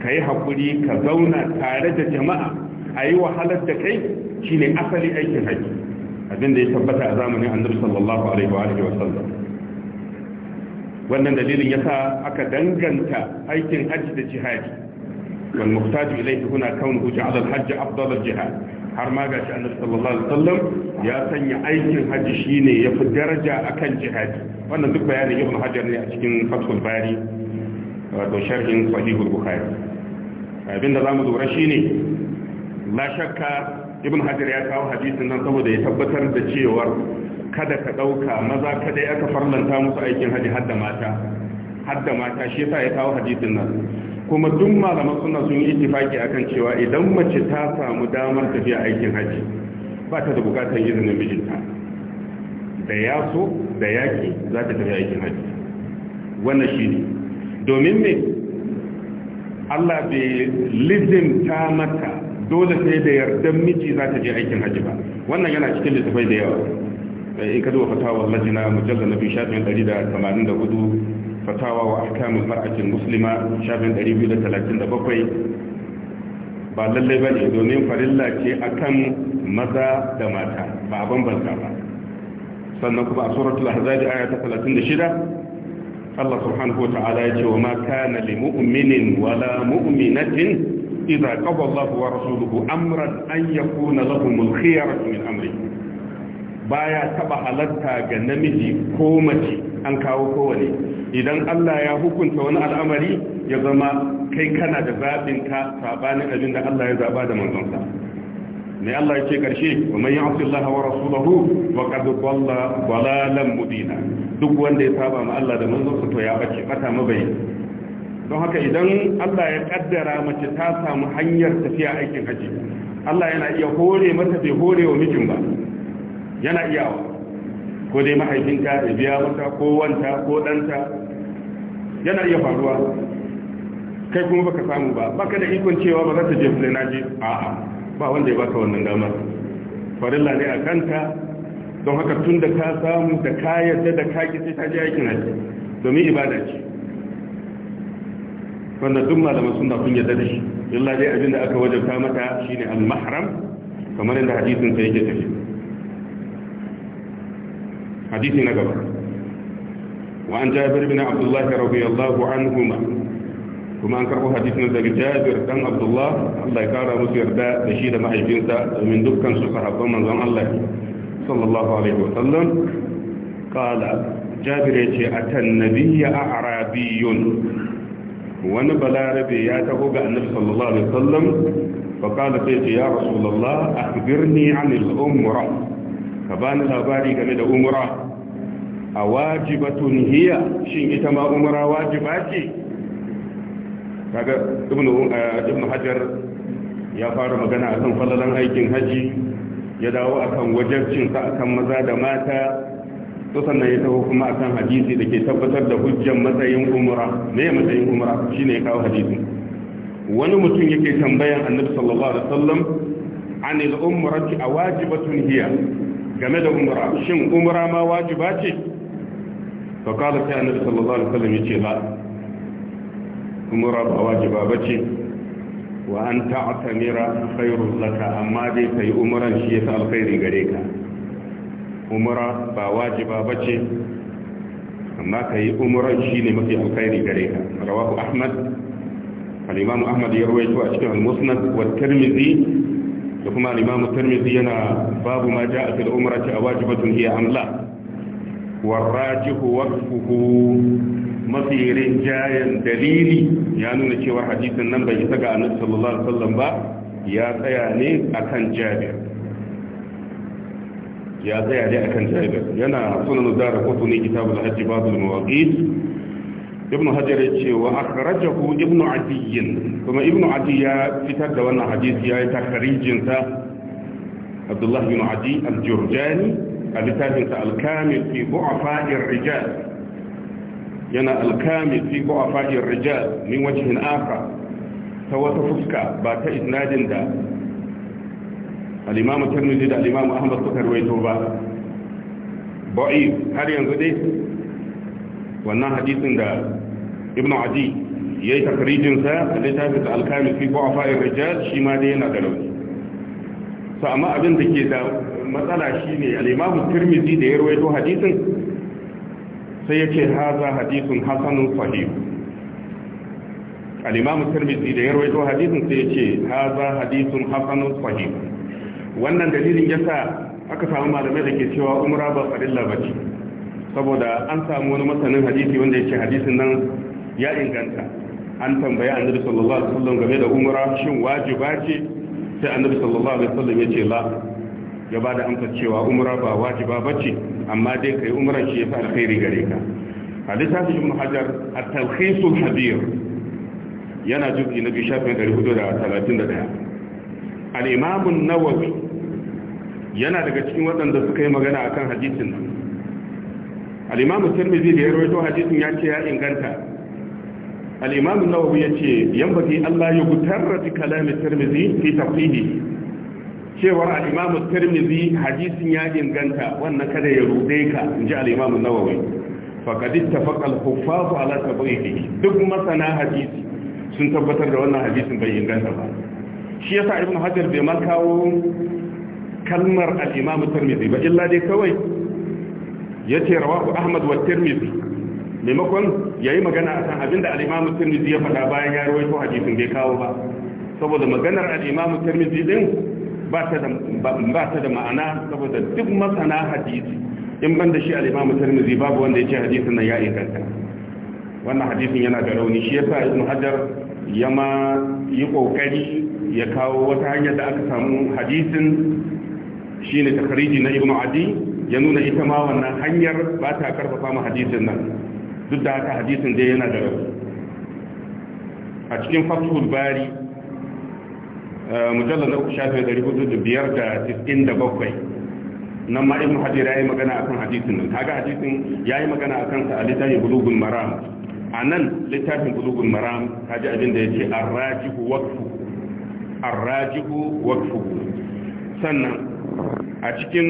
ka yi haƙuri ka zauna tare da jama'a a yi wahalar da kai shi ne asali aikin haƙi abin da ya tabbata a zamanin annabi sallallahu alaihi wa alihi wannan dalilin yasa aka danganta aikin haji da jihadi wal muhtaju ilayhi huna kaunuhu ja'ala al-hajj afdal al-jihad har ma gashi annabi sallallahu alaihi sallam ya sanya aikin haji shine yafi daraja akan jihadi wannan duk bayanin ibn hajar ne a cikin fathul bari wato sharhin sahihul bukhari abin da zamu mu lura shi ne la shakka ibn hajar ya kawo hadisin nan saboda ya tabbatar da cewar kada ka ɗauka maza kada aka farlanta musu aikin hajji hadda mata hadda mata shi yasa ya kawo hadisin nan kuma duk malaman suna sun yi ittifaki akan cewa idan mace ta samu damar tafiya aikin hajji, ba ta da bukatar izinin mijinta da ya so da yaki za ta tafi aikin haji wannan shi ne domin me Allah bai lizinta mata dole sai da yardan miji za ta je aikin hajji ba wannan yana cikin littafai da yawa eh, in ka duba fatawa lajina na nabi shafin 184 fatawa wa ahkamul mar'atil muslima shafin 237 ba lallai ba ne domin farilla ce akan maza da mata ba a bambanta ba sannan kuma a suratul ahzab aya ta 36 Allah subhanahu wata'ala ya ce wa ma kana li mu'minin wala mu'minatin idza qada Allahu wa rasuluhu amran an yakuna lahumul khiyaratu min amri baya taba halatta ga namiji ko mace an kawo kowane idan Allah ya hukunta wani al'amari ya zama kai kana da zabin ka sabanin abin da Allah ya zaba da manzon sa mai Allah ya ce karshe wa man ya'si Allah wa rasulahu wa qad dalla dalalan mubina duk wanda ya saba ma Allah da manzon sa to ya bace bata mabai don haka idan Allah ya kaddara mace ta samu hanyar tafiya aikin haji Allah yana iya hore mata bai hore wa mijin ba yana iya ko dai mahaifinta ya biya mata ko wanta ko danta yana iya faruwa kai kuma baka samu ba baka da ikon cewa ba za ta je fulani a'a ba wanda ya baka wannan dama farilla ne a kanta don haka tun da ka samu da ka yadda da ka sai ta ji aikin haji domin ibada ce wanda duk malaman sunna kun yadda da shi illa dai abin da aka wajabta mata shine al-mahram kamar yadda hadisin sa yake tafi hadisi na gaba wa an jabir bin Abdullahi رضي الله عنهما kuma an karɓo hadisin daga jabir dan abdullah allah ya kara musu yarda da shi da mahaifinsa domin dukkan su sahabban manzon allah sallallahu alaihi wa sallam kala jabir ya ce atan nabiyya a arabiyun wani balarabe ya taho ga annabi sallallahu alaihi wa sallam fa kala sai ce ya rasulullah akhbirni anil umra ka bani labari game da umra a wajibatun hiya shin ita ma umra wajiba ce kaga ibnu eh, ibnu hajar ya fara magana akan falalan aikin haji ya dawo akan cin sa akan maza da mata to sannan ya taho kuma akan hadisi da ke tabbatar da hujjan matsayin umra me ya matsayin umra shine ya kawo hadisi wani mutum yake tambayan annabi sallallahu alaihi wasallam a umrati awajibatun hiya game da umra shin umra ma wajiba ce To qala sai annabi sallallahu alaihi wasallam yace ba. umura ba wajiba bace wa an ta'tamira khairul laka amma dai kai umuran shi yasa alkhairi gare ka umura ba wajiba bace amma kai umuran shi ne mafi alkhairi gare ka rawahu ahmad al-imam ahmad ya rawaito a cikin al-musnad wa tirmidhi da kuma al-imam tirmidhi yana babu ma ja'a fil umrati awajibatun hiya amla والراجح وقفه mafi rinjayen dalili ya nuna cewar hadisin nan bai isa ga annabi sallallahu alaihi wasallam ba ya tsaya ne akan jabir ya tsaya ne akan jabir yana sunan zara kotu ne kitabul hajji babul mawaqit ibn hajar yace wa akhrajahu ibn adiy kuma ibn adiy ya fitar da wannan hadisi yayi takharijin sa abdullah bin adi al-jurjani a littafinsa al-kamil fi bu'afa'ir rijal yana alkami fi du'afa ar-rijal min wajhin akhar ta wata fuska ba ta isnadin da al-imam da al Ahmad suka rawaito ba ba'if har yanzu dai wannan hadisin da Ibn Adi ya yi sa a littafin al-Kamil fi du'afa ar-rijal shi ma dai yana da rauni sa amma abin da ke da matsala shine al-imam Tirmidhi da ya rawaito hadisin sai ya ce haza hadisun hasanun sahih al-imam tirmidhi da ya rawaito hadisin sai ya ce haza hadisun hasanun sahih wannan dalilin yasa aka samu malamai da ke cewa umra ba farilla bace saboda an samu wani masanin hadisi wanda ya ce hadisin nan ya inganta an tambaya annabi sallallahu alaihi wasallam game da umra shin wajiba ce sai annabi sallallahu alaihi wasallam ya ce la ya ba da amsa cewa umra ba wajiba bace amma dai kai umran shi ya fi alkhairi gare ka a littafin ibn hajar at-talkhis al-hadir yana juzi na biyu shafin talatin da ɗaya. an-nawawi yana daga cikin waɗanda suka yi magana akan hadisin nan al-imam tirmidhi da ya rawaito hadisin ya ce ya inganta al-imam nawawi ya ce yan baki Allah ya gutarra kalami tirmidhi fi tafsihi cewar al-imamu tirmidhi hadisin ya inganta wannan kada ya rube ka inji al-imamu nawawi faqad ittafaqa al-huffaz ala tabihi duk masana hadisi sun tabbatar da wannan hadisin bai inganta ba shi yasa ibn hajar bai ma kawo kalmar al-imamu tirmidhi ba illa dai kawai yace rawahu ahmad wa tirmidhi maimakon yayi magana akan abinda al-imamu tirmidhi ya faɗa bayan ya rawaito hadisin bai kawo ba saboda maganar al-imamu tirmidhi din ba ta da ma'ana saboda duk masana hadisi in ban da shi al'imamu tarmizi babu wanda ya ce hadisin nan ya inganta wannan hadisin yana da rauni shi sa ibn hajar ya ma yi kokari ya kawo wata hanyar da aka samu hadisin shine takariji na ibn adi ya nuna ita ma wannan hanyar ba ta karfafa mu hadisin nan duk da haka hadisin dai yana da rauni a cikin fathul bari Eh, mujallar na uku shafi dari hudu da biyar da tis'in da bakwai nan ma ibn hajar ya yi magana akan hadisin nan kaga hadisin ya yi magana akan sa a littafin bulugun maram a nan littafin bulugun maram kaji abin da ya ce arrajihu wakfu arrajihu wakfu sannan a cikin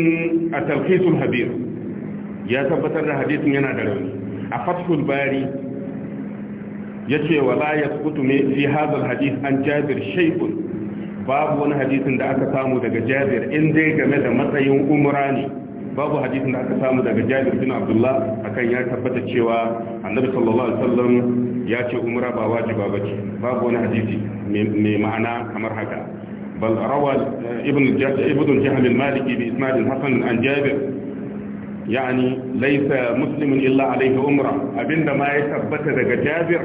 a talfisul habir ya tabbatar da hadisin yana da rauni a fathul bari ya ce wa la ya fi hadal hadis an jabir shaikun babu wani hadisin da aka samu daga jabir in dai game da matsayin umura ne babu hadisin da aka samu daga jabir bin abdullah akan ya tabbata cewa annabi sallallahu alaihi wasallam ya ce umra ba wajiba bace babu wani hadisi mai ma'ana kamar haka bal rawa ibn ibn jahl al-maliki bi isnad hasan an jabir yani laysa muslimun illa alayhi umra abinda ma ya tabbata daga jabir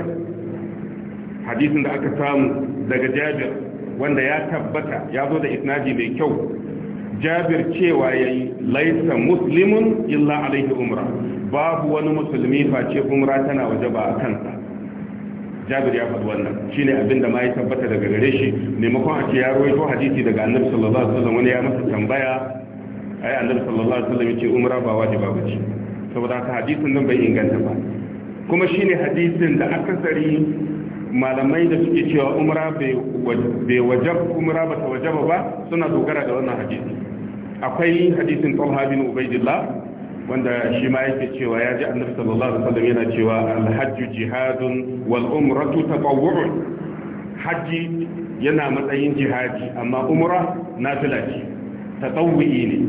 hadisin da aka samu daga jabir wanda ya tabbata ya zo da isnadi mai kyau jabir cewa yayi laisa muslimun illa alaihi umra babu wani musulmi face umra tana ba a kansa jabir ya faɗi wannan shine abin da ma ya tabbata daga gare shi maimakon a ce ya rawaito hadisi daga annabi sallallahu alaihi wasallam wani ya masa tambaya ai annabi sallallahu alaihi wasallam yace umra ba wajiba bace saboda haka hadisin nan bai inganta ba kuma shine hadisin da akasari malamai da suke cewa umra bai wajab umra ba ta wajaba ba suna dogara da wannan hadisi akwai hadisin talha bin ubaidillah wanda shi ma yake cewa ya ji annabi sallallahu alaihi wasallam yana cewa alhajju jihadun wal umratu tatawwu'un haji yana matsayin jihadi amma umra nafila ce tatawwi ne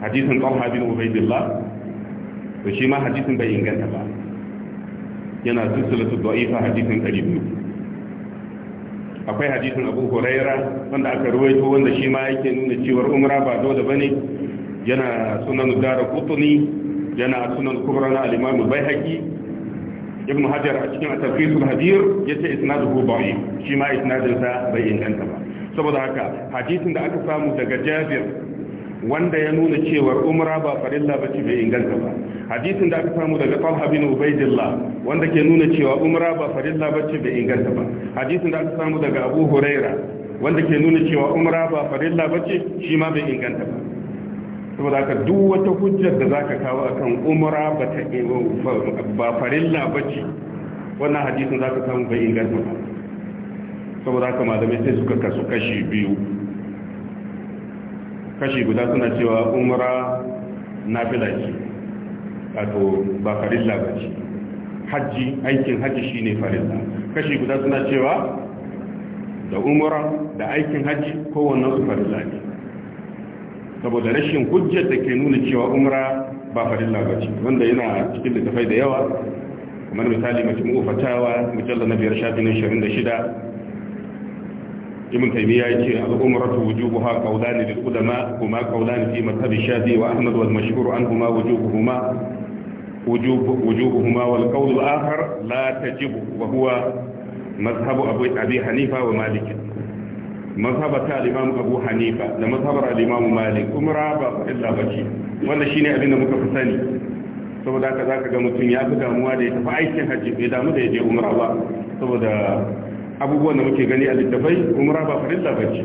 hadisin talha bin ubaidillah to shi ma hadisin bai inganta ba yana silsilatu da'ifa hadisin 200 akwai hadisin Abu Huraira wanda aka ruwaito wanda shi ma yake nuna cewa umra ba dole bane yana sunan gara kutuni yana sunan Kubra na al-Imam al Ibn Hajar a cikin at-Tafsir ya ce yace isnaduhu da'if shi ma isnadinsa bai inganta ba saboda haka hadisin da aka samu daga Jabir wanda ya nuna cewar umra ba farilla ba ce bai inganta ba hadisin da aka samu daga talha bin ubaidillah wanda ke nuna cewa umra ba farilla ba ce bai inganta ba hadisin da aka samu daga abu huraira wanda ke nuna cewa umra ba farilla ba ce shi ma bai inganta ba saboda haka duk wata hujjar da zaka kawo akan umra ba ta ba farilla ba ce wannan hadisin zaka samu bai inganta ba saboda haka malamai sai suka kasu kashi biyu kashi guda suna cewa umra nafila ce to ba farilla ba ce hajji aikin hajji ne farilla kashi guda suna cewa da umra da aikin hajji kowanne su farilla ne saboda rashin hujjar da ke nuna cewa umra ba farilla ba ce wanda yana cikin littafai da yawa kamar misali mace mu'ufatawa mujallar na biyar shafi shirin da shida ibn taymiya yace al-umratu wujubuha qawlan lil ulama huma qawlan fi madhhab shafi wa وجوب وجوبهما والقول الآخر لا تجب وهو مذهب أبي حنيفة ومالك mazhaba ta imam abu hanifa da mazhabar al-imam malik wannan shine abin da muka fi sani saboda haka zaka ga mutum ya fi damuwa da ya tafi aikin hajji bai damu da ya je umra ba saboda abubuwan da muke gani a littafai umura ba farilla bace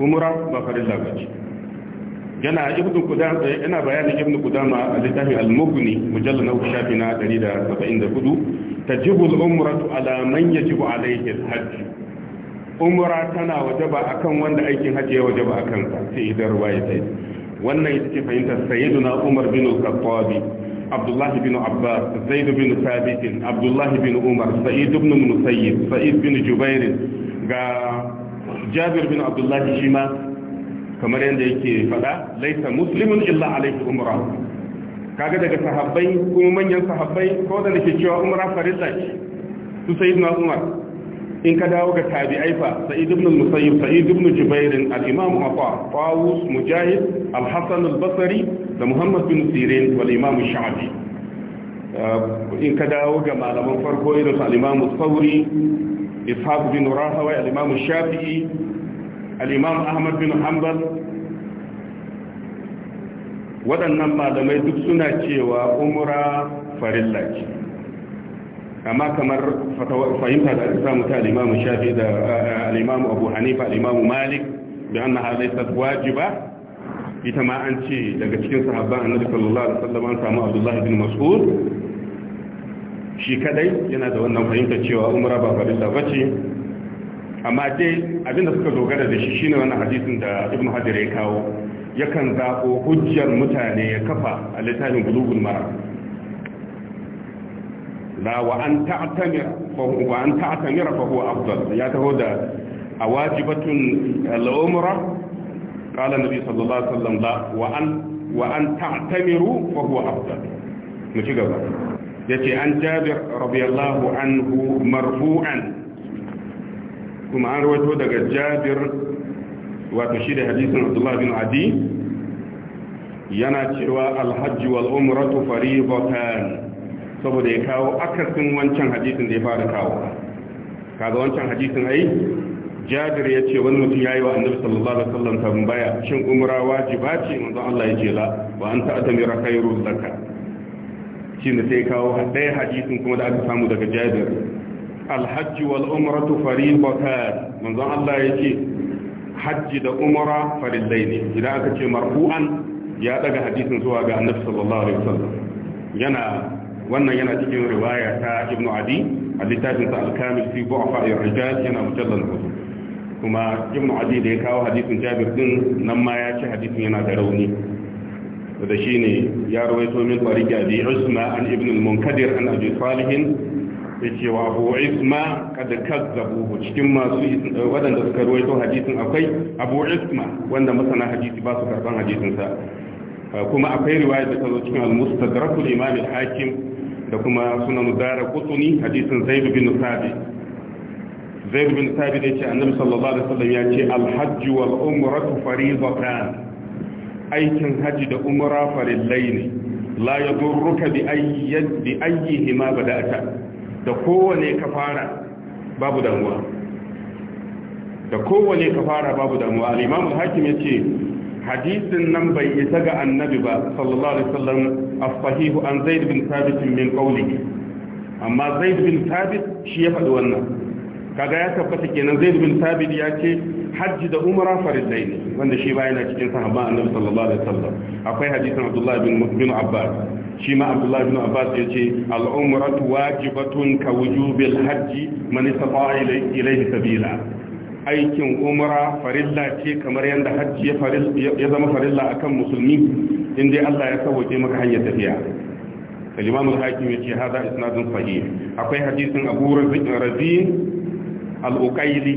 umura ba farilla bace yana ibnu qudama eh, yana bayanin ibnu qudama a littafin al-mughni mujallal na shafi na 174 tajibu al-umratu ala man yajibu alayhi al-hajj umra tana wajaba akan wanda aikin hajji ya wajaba akan sa sai idan ruwaya sai wannan ita ce fahimtar sayyiduna umar bin al khattabi abdullahi bin abbas zaid bin thabit abdullahi bin umar sa'id bin musayyib bin jubair ga jabir bin abdullahi shi kamar yadda yake faɗa laisa muslimun illa alaihi umra kaga daga sahabbai kuma manyan sahabbai ko da nake cewa umra farilla su sayyid na umar in ka dawo ga tabi'ai fa sa'id ibn musayyib sa'id ibn jubair al-imam afa tawus mujahid al-hasan al-basri da muhammad bin sirin wal imam Shafi, uh, in ka dawo ga malaman farko irin su al-imam sauri ishaq bin Rahawai, al-imam shafi'i al-imam ahmad bin hanbal waɗannan malamai duk suna cewa umra farilla ce amma kamar fahimta da samu ta al-imam shafi'i da uh, al-imam abu hanifa al-imam malik bi annaha laysat wajiba ita ma an ce daga cikin sahabban annabi sallallahu alaihi wasallam an samu abdullahi bin mas'ud shi kadai yana da wannan fahimtar cewa umra ba da bace amma dai abinda suka dogara da shi shine wannan hadisin da ibnu hajar ya kawo yakan zabo hujjar mutane ya kafa a littafin bulugul mara la wa an ta'tamir fa wa an ta'tamir fa huwa afdal ya taho da a al-umra قال النبي صلى الله عليه وسلم لا وأن وأن تعتمروا فهو أفضل نشي قبل يتي عن جابر رضي الله عنه مرفوعا كما أن رويته دقى جابر وتشير حديث عبد الله بن عدي yana cewa alhajji wal umratu fariidatan saboda ya kawo akasin wancan hadisin da ya fara kawo kaga wancan hadisin ai jabir ya ce wani mutum ya yi wa annabi sallallahu alaihi wasallam tambaya shin umra wajiba ce manzo Allah ya ce la wa an ta'tamira khairu laka shine sai kawo ɗaya hadisin kuma da aka samu daga jabir alhajj wal umratu fariqatan manzo Allah ya ce hajji da umra farillai ne idan aka ce marfu'an ya daga hadisin zuwa ga annabi sallallahu alaihi wasallam yana wannan yana cikin riwaya ta ibnu adi a littafinsa sa al-kamil fi bu'afa ar-rijal yana kuma ibnu adi da ya kawo hadisin jabir din nan ma ya ce hadisin yana da rauni da shi ne ya rawaito min tariki abi usma an ibn al-munkadir an abi salihin yace wa abu isma kad kazzabu cikin masu wadanda suka rawaito hadisin akwai abu isma wanda masana hadisi ba su karban hadisin sa kuma akwai riwaya da ta zo cikin al-mustadrak imam al-hakim da kuma sunan dara Kutuni hadisin zaid bin sabit zaid bin sabit ce annabi sallallahu alaihi wasallam ya ce hajj wal umratu fariidatan aikin haji da umra farillai ne la yadurruka bi ayyid bi ayyihima bada'ata da kowane ka fara babu damuwa da kowane ka fara babu damuwa al-imam al-hakim yace hadisin nan bai isa ga annabi ba sallallahu alaihi wasallam as-sahihu an zaid bin thabit min qawlihi amma zaid bin thabit shi ya faɗi wannan kaga ya tabbata kenan zaid bin thabit ya ce hajji da umra faridai ne wanda shi ba yana cikin sahabban annabi sallallahu alaihi wasallam akwai hadisin Abdullahi bin bin abbas shi ma abdullah bin abbas ya ce al umratu wajibatun ka wujubil hajji man istata'a ilayhi sabila aikin umra farilla ce kamar yadda hajji ya zama farilla akan musulmi inda Allah ya sauke maka hanyar tafiya al-imam al-hakim ya ce hada isnadun sahih akwai hadisin abu razi al-uqayli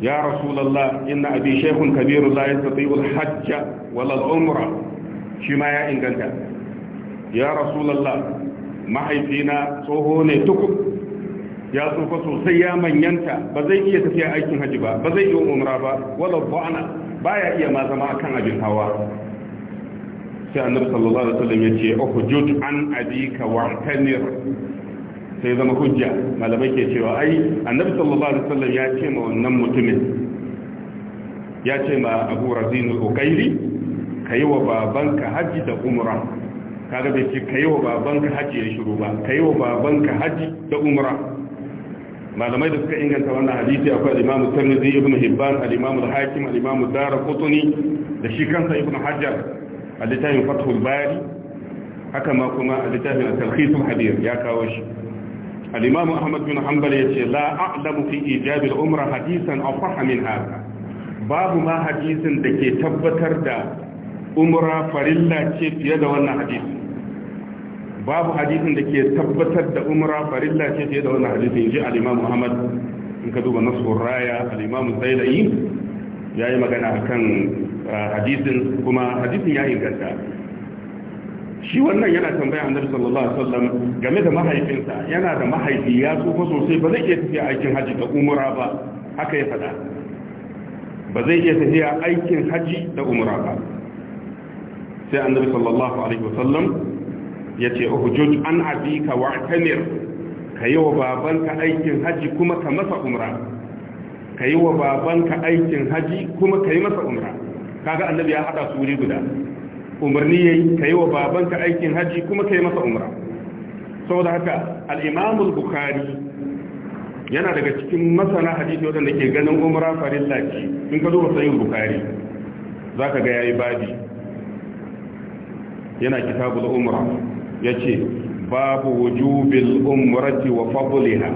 ya rasulullah inna abi shaykhun kabiru la yastati'u al-hajj wala umra shi ma ya inganta ya rasulullah mahaifina tsoho ne tukub ya tsufa sosai ya manyanta ba zai iya tafiya aikin haji ba ba zai yi umra ba wala Ba ya iya ma zama akan abin hawa sai annabi sallallahu alaihi wasallam yace ukhujud an abika wa'tamir sai zama hujja malamai ke cewa ai annabi sallallahu alaihi wasallam ya ce ma wannan mutumin ya ce ma Abu Razin al-Ukaili kai wa babanka haji da umra kaga bai ce kai wa babanka haji ya shiru ba kai wa babanka haji da umra malamai da suka inganta wannan hadisi akwai al-Imam Tirmidhi ibn Hibban al-Imam al-Hakim al-Imam Darqutni da shi kansa ibn Hajjar a littafin Fathul Bari haka ma kuma a littafin Talkhis al-Hadith ya kawo shi al-imam ahmad bin ya ce la a'lamu fi ijab al-umra hadisan afaha min haka babu ma hadisin da ke tabbatar da umra farilla ce fiye da wannan hadisi babu hadisin da ke tabbatar da umra farilla ce fiye da wannan hadisin inji al-imam ahmad in ka duba nasrul raya al-imam zailai magana akan ah, hadisin kuma hadisin ya inganta shi wannan yana tambaya annabi sallallahu alaihi wasallam game da mahaifinsa yana da mahaifi ya tsufa sosai ba zai iya tafiya aikin haji da umura ba haka ya faɗa ba zai iya tafiya aikin haji da umura ba sai annabi sallallahu alaihi wasallam ya ce oh uhjuj an abika ka yi wa babanka aikin haji kuma ka masa umra ka yi wa babanka aikin haji kuma kayi masa umra kaga annabi ya hada su wuri guda umarni yayi kai wa babanka aikin hajji kuma ka yi masa umra saboda haka al-Imam yana daga cikin masana hadisi wadanda ke ganin umra farin laci in ka duba sahih Bukhari zaka ga yayi babi yana kitabul umra yace babu wujubil umrati wa fadliha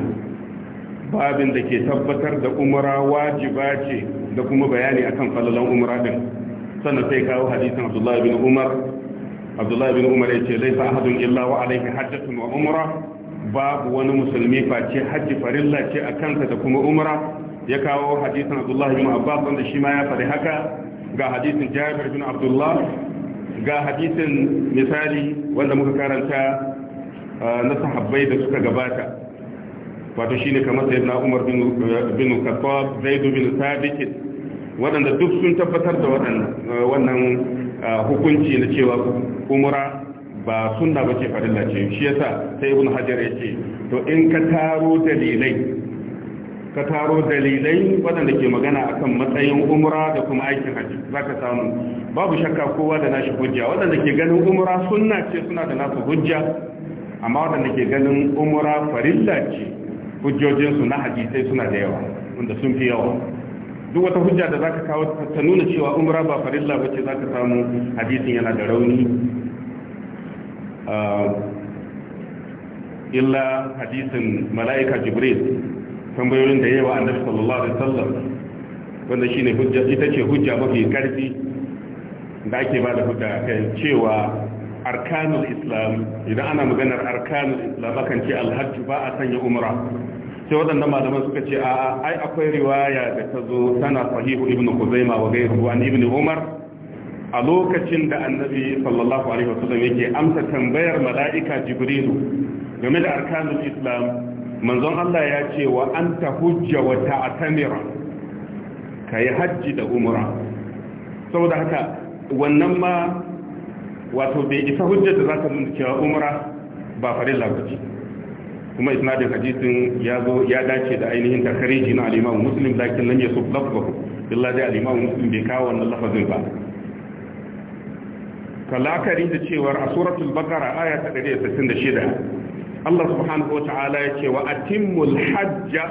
babin da ke tabbatar da umra wajiba ce da kuma bayani akan falalan umra din sannan sai kawo hadisin abdullahi bin umar abdullahi bin umar yace laisa ahadun illa wa alayhi hajjatun wa umra babu wani musulmi face hajji farilla ce a kansa da kuma umra ya kawo hadisin abdullahi bin abbas wanda shi ma ya faɗi haka ga hadisin jabir bin abdullah ga hadisin misali wanda muka karanta uh, na sahabbai da suka gabata wato shine kamar sayyidina umar bin uh, bin khattab zaid bin thabit waɗanda duk sun tabbatar da eh, wannan eh, hukunci na cewa umura ba sunna bace farilla ce shi yasa sai ibn hajar ce to in ka taro dalilai ka taro dalilai waɗanda ke magana akan matsayin umura da kuma aikin haji zaka samu babu shakka kowa da nashi hujja waɗanda ke ganin umura sunna ce suna da nasu hujja amma waɗanda ke ganin umura farilla ce hujjojinsu na hadisai suna da yawa wanda sun fi yawa duk wata hujja da zaka kawo ta nuna cewa umra ba farilla bace zaka samu hadisin yana da rauni ah, illa hadisin mala'ika jibril tambayoyin da yawa annabi sallallahu alaihi wasallam wanda shine hujja ita ce hujja mafi karfi da ake ba da hujja kai cewa arkanul islam idan ana maganar arkanul islam akan ce alhajj ba a sanya umra sai waɗanda malaman suka ce a ai akwai riwaya da ta zo tana sahihu ibn kuzaima wa gairu an ibn umar a lokacin da annabi sallallahu alaihi wasallam yake amsa tambayar mala'ika jibrilu game da arkanul islam manzon Allah ya ce wa anta hujja wa ta'tamira kai hajji da umra saboda haka wannan ma wato bai isa hujja da zaka nuna cewa umra ba farilla ba ce kuma isnadin hadisin ya zo ya dace da ainihin takariji na al-Imam Muslim lakin lam yasub lafzahu illa da al-Imam Muslim bai kawo wannan lafazin ba kalakari da cewar a suratul baqara aya ta 166 Allah subhanahu wa ta'ala ya ce wa atimmul hajja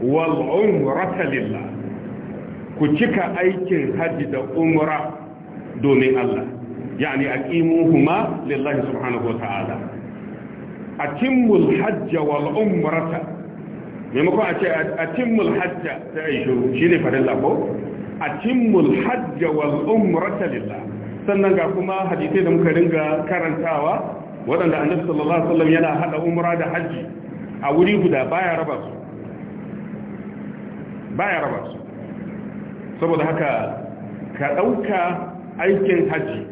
wal umrata lillah ku cika aikin hajji da umra domin Allah yani aqimuhuma lillahi subhanahu wa ta'ala timmul hajja wal umrata maimakon a ce timmul hajja ta yi ne shine farilla A timmul hajja wal umrata lillah sannan ga kuma hadisai da muka ringa karantawa waɗanda annabi sallallahu alaihi wasallam yana hada umra da haji a wuri guda baya raba su baya raba su saboda haka ka ɗauka aikin haji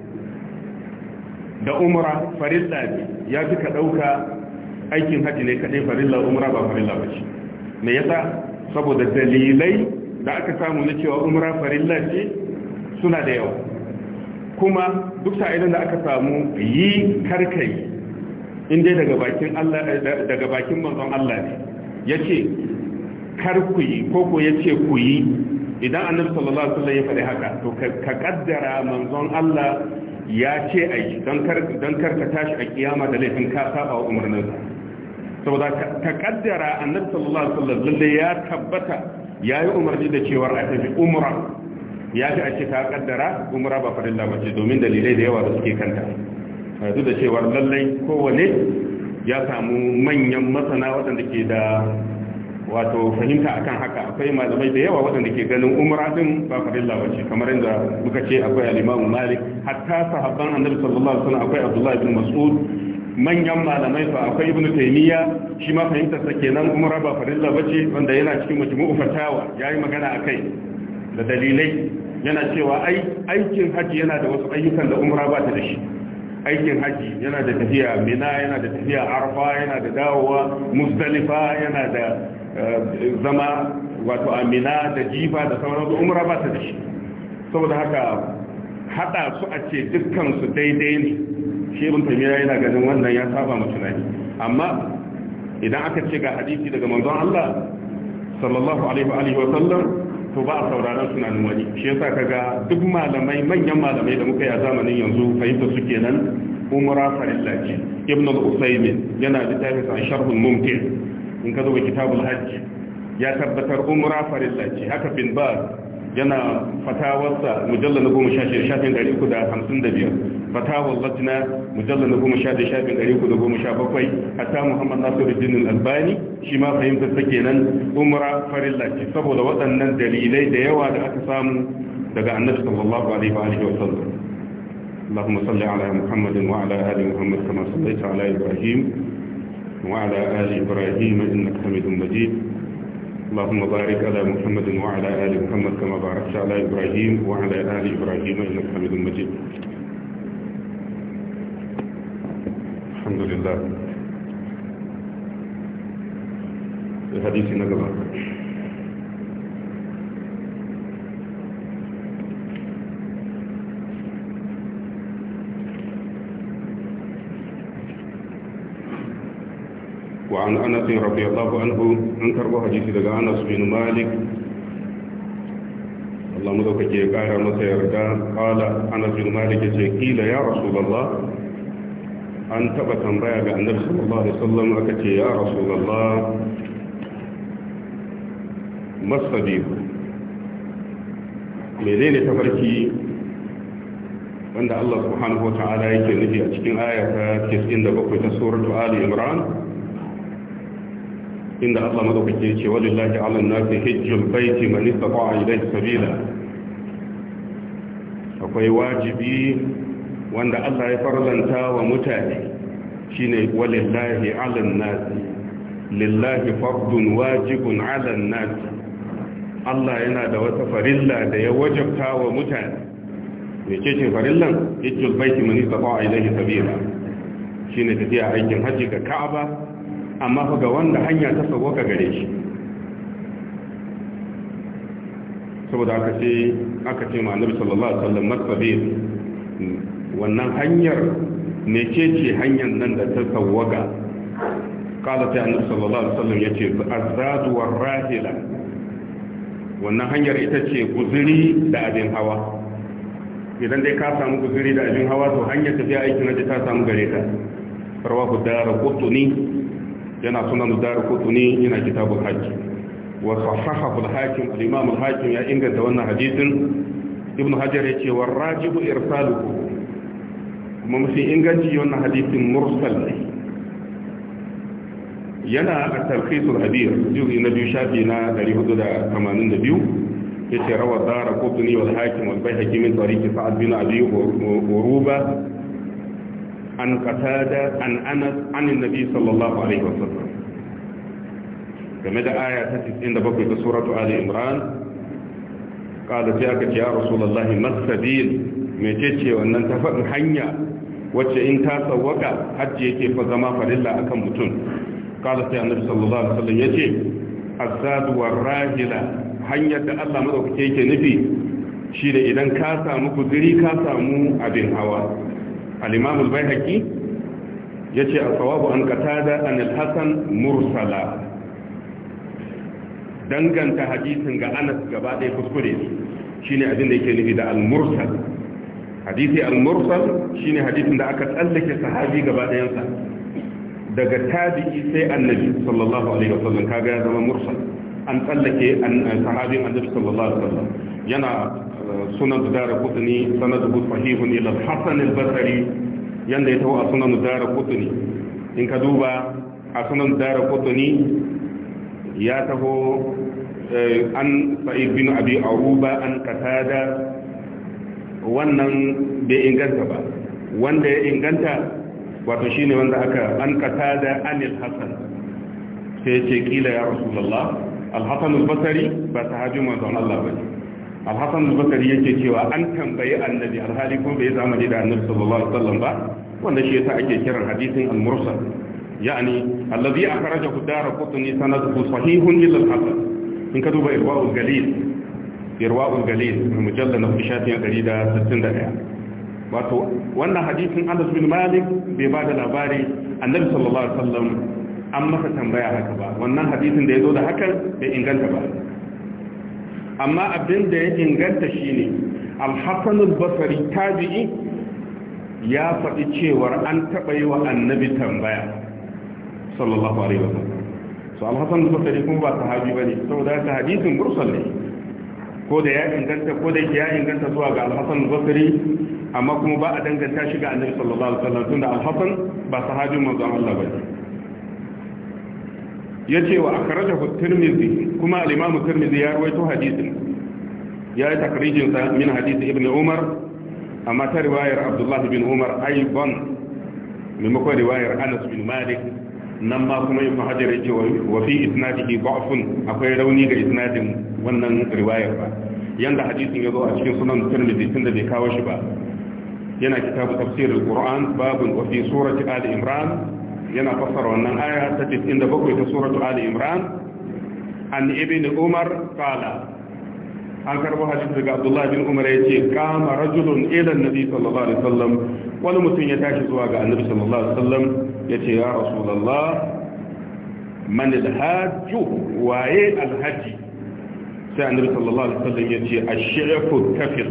da umra farilla ne ya fi ka ɗauka aikin haji ne kadai farilla umra ba farilla ba ce me yasa saboda dalilai da aka samu na cewa umra farilla ce suna da yawa kuma duk sa'idan da aka samu yi karkai in dai daga bakin Allah daga bakin manzon Allah ne yace kar ku yi ko ko yace ku yi idan annabi sallallahu alaihi wasallam ya faɗi haka to ka kaddara manzon Allah ya ce a yi kar ka tashi a kiyama da laifin ka saba wa umarninsa saboda ka kaddara annabi sallallahu alaihi wasallam lalle ya tabbata yayi umarni da cewa a tafi umra ya ji a ce ka kaddara umra ba farin ba ce domin dalilai da yawa da suke kanta duk da cewa lalle kowane ya samu manyan masana waɗanda ke da wato fahimta akan haka akwai malamai da yawa waɗanda ke ganin umra din ba farin ba ce kamar yadda muka ce akwai al-Imam Malik hatta sahabban Annabi sallallahu alaihi wasallam akwai abdullahi ibn Mas'ud manyan malamai fa akwai ibn taymiya shi ma fahimtar sa kenan umra ba farilla bace wanda yana cikin majmu'u fatawa yayi magana akai da dalilai yana cewa ai aikin haji yana da wasu ayyukan da umra ba ta da shi aikin haji yana da tafiya mina yana da tafiya arfa yana da dawowa muzdalifa yana da eh, zama wato amina da jifa da su umra ba ta da shi saboda haka hada su a ce dukkan su daidai ne shi ibn yana ganin wannan ya saba ma tunani amma idan aka ce ga hadisi daga manzon Allah sallallahu alaihi wa sallam to ba a sauraron tunanin wani shi yasa kaga duk malamai manyan malamai da muka yi a zamanin yanzu fahimta su kenan umara farilla ce ibn al-usaymin yana littafin sa sharhun al in ka zo kitabul hajj ya tabbatar umara farillaci ce haka bin ba. yana fatawarsa mujallar na goma shafin shafin ɗari uku da hamsin da biyar fatawar latina mujallar na goma shashe shafin ɗari uku da goma sha bakwai hatta muhammad nasiru jinin albani shi ma fahimtar ta kenan umra farin lafi saboda waɗannan dalilai da yawa da aka samu daga annabi sallallahu alaihi wa alihi wa sallam اللهم صل على محمد وعلى آل محمد كما صليت على إبراهيم وعلى آل إبراهيم إنك حميد مجيد اللهم بارك على محمد وعلى آل محمد كما باركت على إبراهيم وعلى آل إبراهيم إنك حميد مجيد الحمد لله الحديث نقبل وعن أنس رضي الله عنه أنكر وحديث لغا أنس بن مالك الله مدوك كي قال مسيرك قال أنس بن مالك قيل يا رسول الله أن تبا تنبايا بأن صلى الله عليه وسلم أكتي يا رسول الله ما الصديق منين تفركي wanda Allah subhanahu wa ta'ala yake nufi a cikin ayata 97 ta suratul Ali Imran inda Allah madaukake ya ce walillahi ala nasi hijjul baiti man istata'a ilayhi sabila akwai wajibi wanda Allah ya farzanta wa mutane shine walillahi ala nasi lillahi fardun wajibun ala nasi Allah yana da wata farilla da ya wajabta wa mutane mece ce farillan hijjul baiti man istata'a ilayhi sabila shine tafiya aikin haji ga Ka'aba amma fa ga wanda hanya ta ka gare shi saboda aka ce aka ce ma annabi sallallahu alaihi wasallam masabir wannan hanyar ne ce ce hanyar nan da ta sauwaka kala ta annabi sallallahu alaihi wasallam yace azadu war rahila wannan hanyar ita ce guzuri da abin hawa idan dai ka samu guzuri da abin hawa to hanyar tafiya aikin hajji ta samu gare ka rawahu dara qutni yana sunan dar kutuni yana kitabul hajj wa sahahahu al-hakim al hakim ya inganta wannan hadisin ibn hajar ya ce war rajibu irsaluhu kuma mafi inganci wannan hadisin mursal ne yana a tarfisul hadir juzi na biyu shafi na 482 yace rawa dara kutuni wal hakim wal bayhaqi min tariqi sa'ad bin abi uruba an qatada an anas an annabi sallallahu alaihi wasallam game da aya ta 97 ta suratu ali imran qala sai aka ce ya rasulullahi masabil mecece wannan tafadin hanya wacce in ta sawwaka hajji yake fa zama akan mutum qala sai sallallahu alaihi wasallam yace azadu warahila hanyar da Allah madaukake yake nufi shi da idan ka samu kuziri ka samu abin hawa al-imam al-baihaqi yace as-sawabu an qatada an al-hasan mursala danganta hadisin ga Anas gaba ɗaya kuskure shine abin da yake nufi da al-mursal hadisi al-mursal shine hadisin da aka tsallake sahabi gaba ɗayansa daga tabi'i sai annabi sallallahu alaihi wasallam kaga ya zama mursal an tsallake sahabin annabi sallallahu alaihi wasallam yana eh, sunan dara kutuni sanadu sahihun ila hasan al-basri yanda ya tawo a sunan dara kutuni in ka duba a sunan dara kutuni ya taho eh, an sa'id bin abi aruba an katada wannan bai inganta ba wanda ya inganta wato shine wanda aka an katada anil hasan sai ya ce kila ya rasulullah al-hasan al-basri ba sahabi manzon Allah bane alhassan bakari yake cewa an tambayi annabi alhali ko bai zamani da annabi sallallahu alaihi wasallam ba wanda shi yasa ake kiran hadisin al-mursal yani allazi akhrajahu darqutni sanaduhu sahihun illa al-hasan in ka duba irwaul galil irwaul galil mujallal na shafi 161 wato wannan hadisin Anas bin Malik bai bada labari annabi sallallahu alaihi wasallam an masa tambaya haka ba wannan hadisin da yazo da hakan bai inganta ba amma abin da ya inganta shi ne, hasan Basari tabi'i ya faɗi cewar an taɓa yi wa annabi tambaya sallallahu alaihi wasallam so alhassan Basari kuma ba sahabi bane saboda Ta hadisin mursal ne ko da ya inganta ko da ya inganta zuwa ga alhassan Basari, amma kuma ba a danganta shi ga annabi sallallahu alaihi sallam, tunda Alhassan ba sahabin manzon Allah bane yace wa akhrajahu tirmidhi kuma al-imam tirmidhi ya rawaito hadisin ya yi takrijin min hadisi ibn umar amma ta riwayar abdullah bin umar aiban maimakon riwayar anas bin malik nan ma kuma ibn hajar yake wa fi ke da'fun akwai rauni ga isnadin wannan riwayar ba yanda hadisin ya zo a cikin sunan tun da bai kawo shi ba yana kitabu tafsirin al-qur'an babun wa fi surati ali imran yana fassara wannan aya ta 97 ta suratu ali imran an ibn umar qala an karbo hadisi daga abdullah bin umar yace kama rajulun ila annabi sallallahu alaihi wasallam wani mutum ya tashi zuwa ga annabi sallallahu alaihi wasallam yace ya rasulullah man alhajj waye alhaji sai annabi sallallahu alaihi wasallam yace ash-shi'fu kafir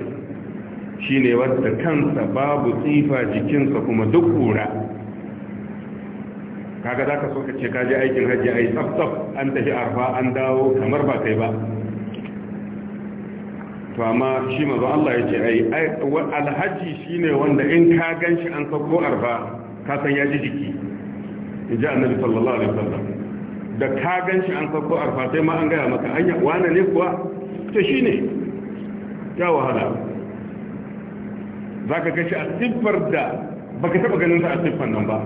shine wanda kansa babu tsifa jikinsa kuma duk ƙura. kaga za ka so ka ce kaji aikin hajji a yi tsaf an tafi arfa an dawo kamar ba kai ba to amma shi mazu Allah ya ce ai alhaji shi ne wanda in ka gan shi an sauko arfa ka san ya ji jiki in ji annabi sallallahu alaihi wasallam da ka gan shi an sauko arfa sai ma an gaya maka anya wane ne kuwa to shi ne ya wahala za ka gashi a siffar da baka taɓa ganin sa a siffar nan ba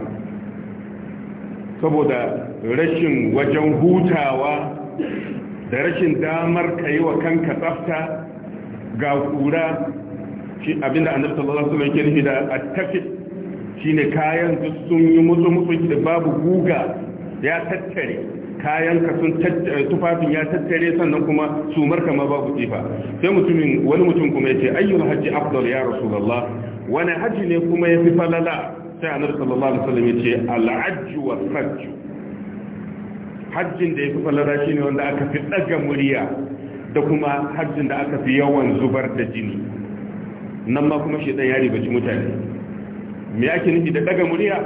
saboda rashin wajen hutawa da rashin damar ka yi kanka tsafta ga kura shi abinda da sallallahu alaihi wasallam yake nufi da shi ne kayan sun yi mutu mutu da babu guga ya tattare kayan ka sun tufafin ya tattare sannan kuma su marka ma babu tsifa sai mutumin wani mutum kuma ya ce ayyuna hajji Abdul ya rasulullah wani hajji ne kuma ya fi falala sai annabi sallallahu alaihi wasallam yace al-ajj wa sajj hajjin da yafi shi shine wanda aka fi daga murya da kuma hajjin da aka fi yawan zubar da jini nan ma kuma shedan ba ci mutane me yake nufi da daga murya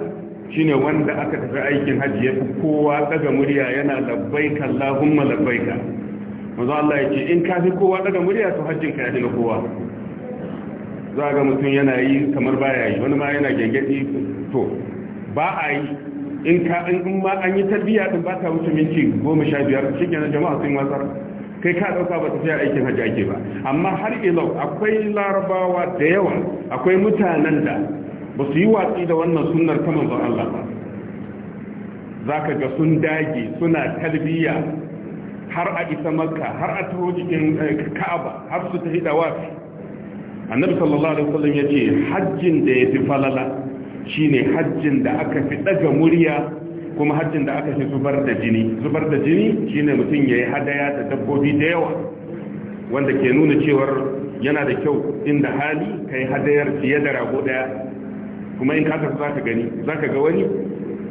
shine wanda aka tafi aikin hajji ya fi kowa daga murya yana labbaika allahumma labbaika manzo Allah yace in ka fi kowa daga murya to hajjin ka ya na kowa za ga mutum yana yi kamar baya yi wani ma yana gengedi to ba a yi in ka in ma an yi tarbiyya din ba ta wuce minti goma sha biyar shi kenan jama'a sun watsar kai ka dauka ba fiye aikin hajji ake ba amma har ilau akwai larabawa da yawa akwai mutanen da ba su yi watsi da wannan sunnar ta manzon Allah ba za ka ga sun dage suna tarbiyya har a isa makka har a turo cikin eh, ka'aba har su tafi dawafi annabi sallallahu alaihi wasallam yace hajjin da yafi falala shine hajjin da aka fi daga murya kuma hajjin da aka fi zubar da jini zubar da jini shine mutum yayi hadaya da dabbobi da yawa wanda ke nuna cewar yana da kyau inda hali kai hadayar fiye da rago daya kuma in ka tafi zaka gani zaka ga wani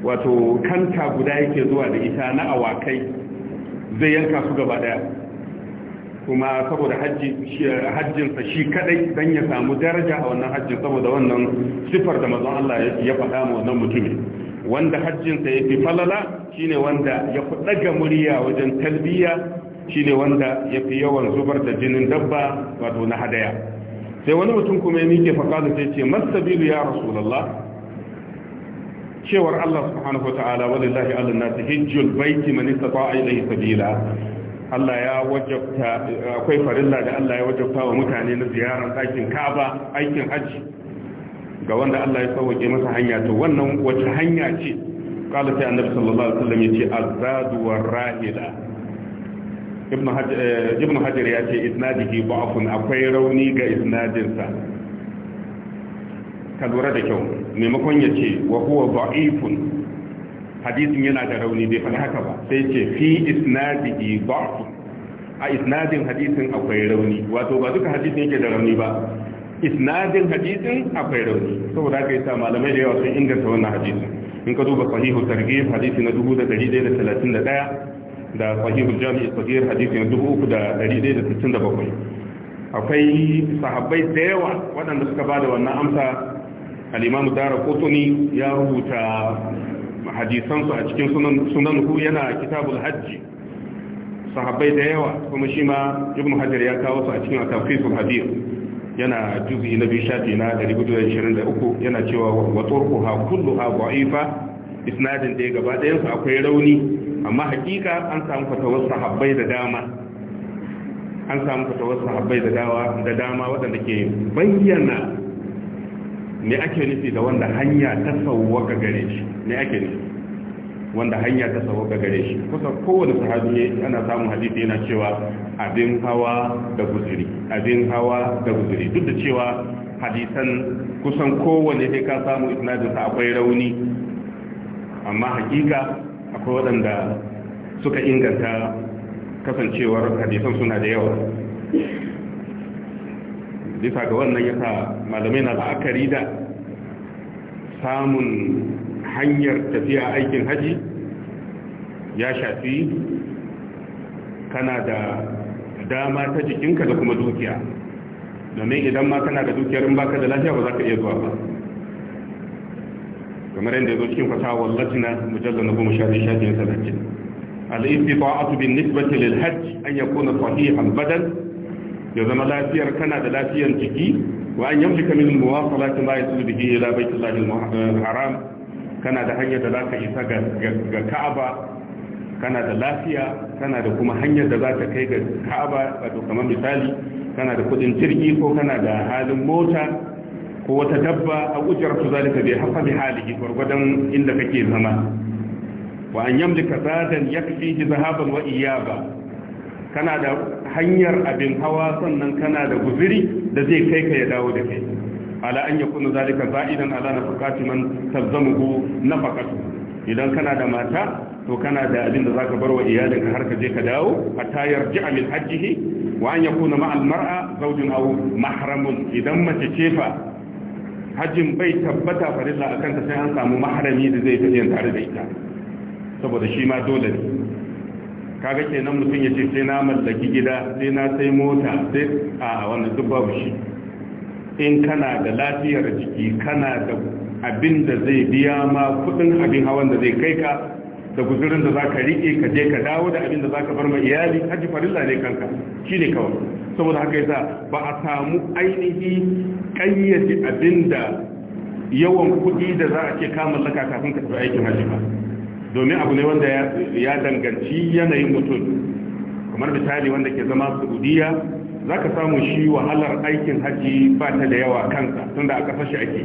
wato kanta guda yake zuwa da ita na awakai zai yanka su gaba daya kuma saboda hajjinsa shi kadai don ya samu daraja a wannan hajjin saboda wannan sifar da mazan Allah ya faɗa ma wannan mutumin wanda hajjinsa ya fi falala ne wanda ya fi ɗaga murya wajen talbiya ne wanda ya fi yawan zubar da jinin dabba wato na hadaya sai wani mutum kuma ya mike faƙaɗa sai ce masabilu ya rasulallah cewar Allah subhanahu wa ta'ala na alannasi hijjul baiti man istata'a ilayhi sabila Allah ya wajabta akwai farilla da Allah ya wajabta wa mutane na ziyarar ɗakin Kaaba aikin haji ga wanda Allah ya sauke masa hanya to wannan wata hanya ce qala sai annabi sallallahu alaihi wasallam yace azadu warahila ibn hajar eh, ibn hajar yace isnadihi ba'afun akwai rauni ga isnadinsa ka lura da kyau maimakon yace wa huwa da'ifun hadisin yana da rauni bai faɗi haka ba sai ce fi bi da'fu a isnadin hadisin akwai rauni wato ba duka hadisin yake da rauni ba isnadin hadisin akwai rauni saboda haka yasa malamai da yawa sun inganta wannan hadisin in ka duba sahihu targhib hadisi na 1131 da sahihu jami'i sahih hadisi na 3167 akwai sahabbai da yawa waɗanda suka bada wannan amsa al imam Dara Qutni ya rubuta hadisansu a cikin sunan hu yana kitabul hajji sahabbai da yawa kuma shi ma ibn hajar ya kawo su a cikin atafisul hadith yana juzi na biyu shafi na 423 yana cewa wa kullu ha dha'ifa isnadin da gaba ɗayan su akwai rauni amma hakika an samu fatawar sahabbai da dama an samu fatawar sahabbai da da dama waɗanda ke bayyana ne ake nufi da wanda hanya ta sauwaka gare shi ne ake nufi wanda hanya ta sauwaka gare shi kusa kowane sahabi ana samun hadisi yana cewa abin hawa da guzuri abin hawa da guzuri duk da cewa hadisan kusan kowane sai ka samu isnadin sa akwai rauni amma hakika akwai waɗanda suka inganta kasancewar hadisan suna da yawa bisa ga wannan ya sa malamai na la'akari da samun hanyar tafiya aikin haji ya shafi kana da dama ta jikinka da kuma dukiya domin idan ma kana da dukiyar in ka da lafiya ba za ka iya zuwa ba kamar yadda ya zo cikin fasaha wallatina mujallar na goma sha biyu shafin salatin al-istita'atu bin nisbati lil Hajji an yakuna sahihan badal ya zama lafiyar kana da lafiyar jiki wa an yamlika min muwasalati ma yasul bihi ila baitillahi al-haram kana da hanyar da zaka isa ga ga Ka'aba kana da lafiya kana da kuma hanyar da zaka kai ga Ka'aba wato kamar misali kana da kudin jirgi ko kana da halin mota ko wata dabba a ujratu zalika bi hasabi halihi inda kake zama wa an yamlika zadan yakfihi zahaban wa iyaba kana da hanyar abin hawa sannan kana da guziri da zai kai ka ya dawo da kai ala an yakunu zalika za'idan ala nafaqati man talzamuhu nafaqatu idan kana da mata to kana da abin da zaka bar wa iyalinka har ka je ka dawo hatta tayar min hajjihi wa an yakuna ma'al mar'a zawjun aw mahramun idan mace ce fa hajjin bai tabbata farilla akan ta sai an samu mahrami da zai tafi tare da ita saboda shi ma dole ne kaga kenan mutum ya ce sai na mallaki gida sai na sai mota sai a wannan duk babu shi in kana da lafiyar jiki kana da abin da zai biya ma kudin abin hawan da zai kai ka da guzurin da za ka riƙe ka je ka dawo da abin da za ka bar ma iyali haji farilla ne kanka shi ne kawai saboda haka yasa ba a samu ainihi ƙayyace abin da yawan kuɗi da za a ce ka mallaka kafin ka tafi aikin haji ba domin abu ne wanda ya danganci yanayin mutum kamar misali wanda ke zama saudiya za ka samu shi wahalar aikin haji ba ta da yawa kansa tun da a fashe ake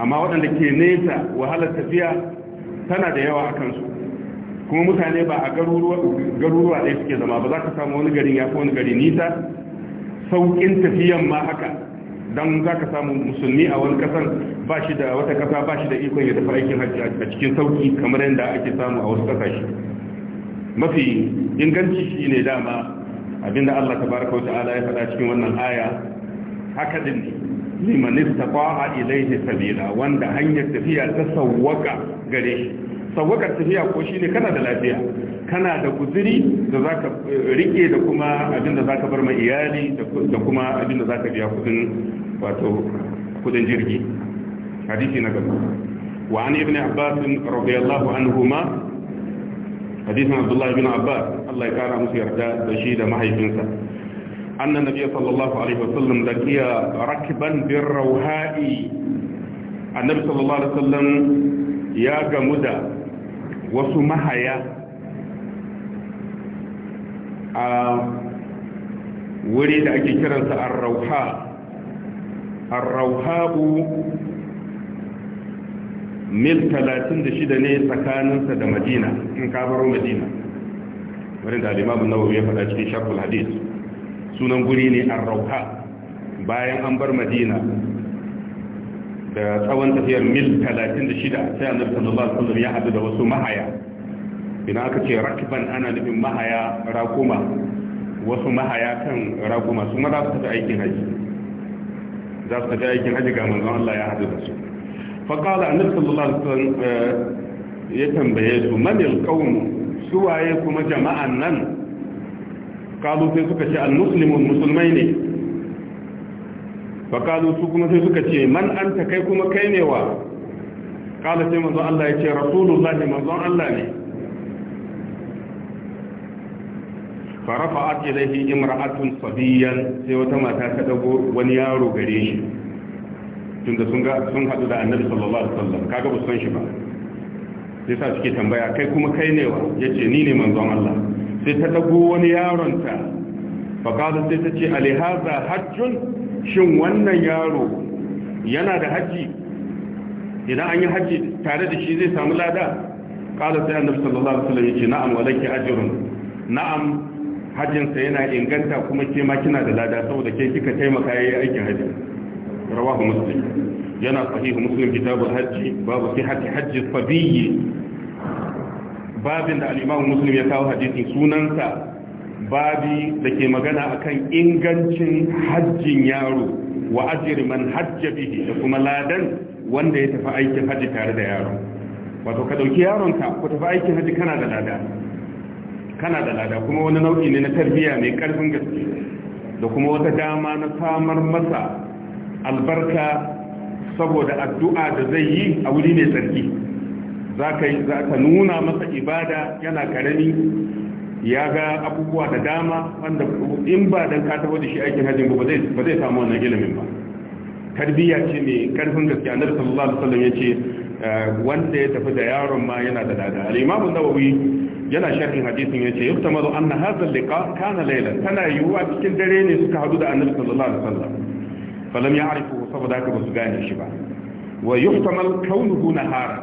amma waɗanda ke nesa wahalar tafiya tana da yawa a kansu kuma mutane ba a garuruwa ɗaya suke zama ba za ka samu wani garin ya fi wani gari nisa sauƙin tafiyan ma haka don za ka samu musulmi a wani kasar ba shi da wata kasa ba shi da ikon ya tafi aikin hajji a cikin sauki kamar yadda ake samu a wasu kasashe mafi inganci shi ne dama abinda Allah Ta tabaraka ala ya faɗa cikin wannan aya haka din liman istata'a ilayhi sabila wanda hanyar tafiya ta sawwaka gare shi sawwaka tafiya ko shine kana da lafiya kana da guziri da za ka eh, rike da kuma abinda za ka bar ma iyali da kuma abinda za ka biya kudin wato kudin jirgi hadisi na gaba wa an ibn abbas radiyallahu anhuma hadisin abdullah ibn abbas Allah ya kara musu yarda da shi da mahaifinsa anna nabiyyi sallallahu alaihi wasallam laqiya rakban bir rawha'i annabi sallallahu alaihi wasallam ya gamu da wasu mahaya a wuri da ake kiransa arrauha arrauhabu mil 36 ne tsakaninsa da madina in kabaro madina wurin da alimabu nawawi ya faɗa cikin shakul hadis sunan guri ne arrauha bayan an bar madina da tsawon tafiyar mil 36 sai annabi sallallahu alaihi wasallam ya haɗu da wasu mahaya ina aka ce rakiban ana nufin mahaya rakuma wasu mahaya kan rakuma su ma za su tafi aikin haji za su tafi aikin haji ga manzon Allah ya hadu da su fa qala annabi sallallahu alaihi wasallam eh, ya tambaye su manil qawm suwaye kuma jama'an nan kalu sai suka ce al-muslimun musulmai ne fa kalu su kuma sai suka ce man anta kai kuma kai ne wa kala sai manzon Allah ya ce rasulullahi manzon Allah ne Farafa laifin wata mata ta صبيا wani yaro gare shi tun da sun haɗu da annabi sallallahu alaihi wasallam kaga ba san shi ba sai sa suke tambaya kai kuma kai ne wa yace ni ne manzon Allah sai ta dago wani yaron ta fa sai ta ce alihaza hajjun shin wannan yaro yana da haji idan an yi haji tare da shi zai samu lada kala sai annabi sallallahu alaihi wasallam yace na'am walaki ajrun na'am hajjinsa yana inganta kuma ke makina da lada saboda ke kika taimaka ya yi aikin hajji rawahu musulun yana sahihu muslim kitabun hajji babu sihhati hajji sabiyyi babin da al musulun ya kawo hajji sunansa babi da ke magana akan ingancin hajjin yaro wa ajiri man hajja bihi da kuma ladan wanda ya tafi aikin hajji tare da yaro wato ka dauki yaronka ku tafi aikin hajji kana da lada kana da lada kuma wani nau'i ne na tarbiya mai karfin gaske da kuma wata dama na samar masa albarka saboda addu'a da zai yi a wuri mai tsarki za ka nuna masa ibada yana karami ya ga abubuwa da dama wanda in ba don ka taho da shi aikin hajji ba zai samu wannan ilimin ba tarbiyya ce mai karfin gaske a nasarar sallallahu alaihi ya yace eh, wanda ya tafi da yaron ma yana da dada al nawawi yana sharhin hadisin ya ce yace yuftamaru anna hadha liqa kana layla tana yiwuwa cikin dare ne suka hadu da annabi sallallahu alaihi wasallam falam ya'rifu saboda haka basu gane shi ba wa yuftamal kaunuhu nahara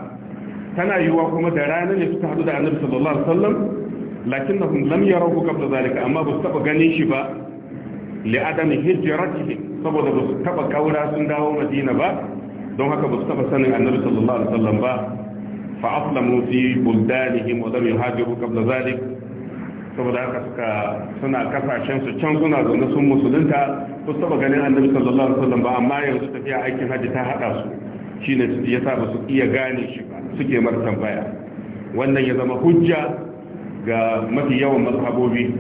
tana yiwuwa kuma da rana ne suka hadu da annabi sallallahu alaihi wasallam lakinnahum lam yarahu qabla zalika amma basu taba ganin shi ba li adami hijratihi saboda basu taba kaura sun dawo madina ba don haka basu taba sanin annabi sallallahu alaihi wasallam ba فأسلموا في بلدانهم ولم يهاجروا قبل ذلك saboda haka suka suna kasashen su can suna zaune sun musulunta ko saba ganin annabi sallallahu alaihi wasallam ba amma yanzu tafiya aikin haji ta haɗa su shine yasa ba su iya gane shi ba suke martan baya wannan ya zama hujja ga mafi yawan mazhabobi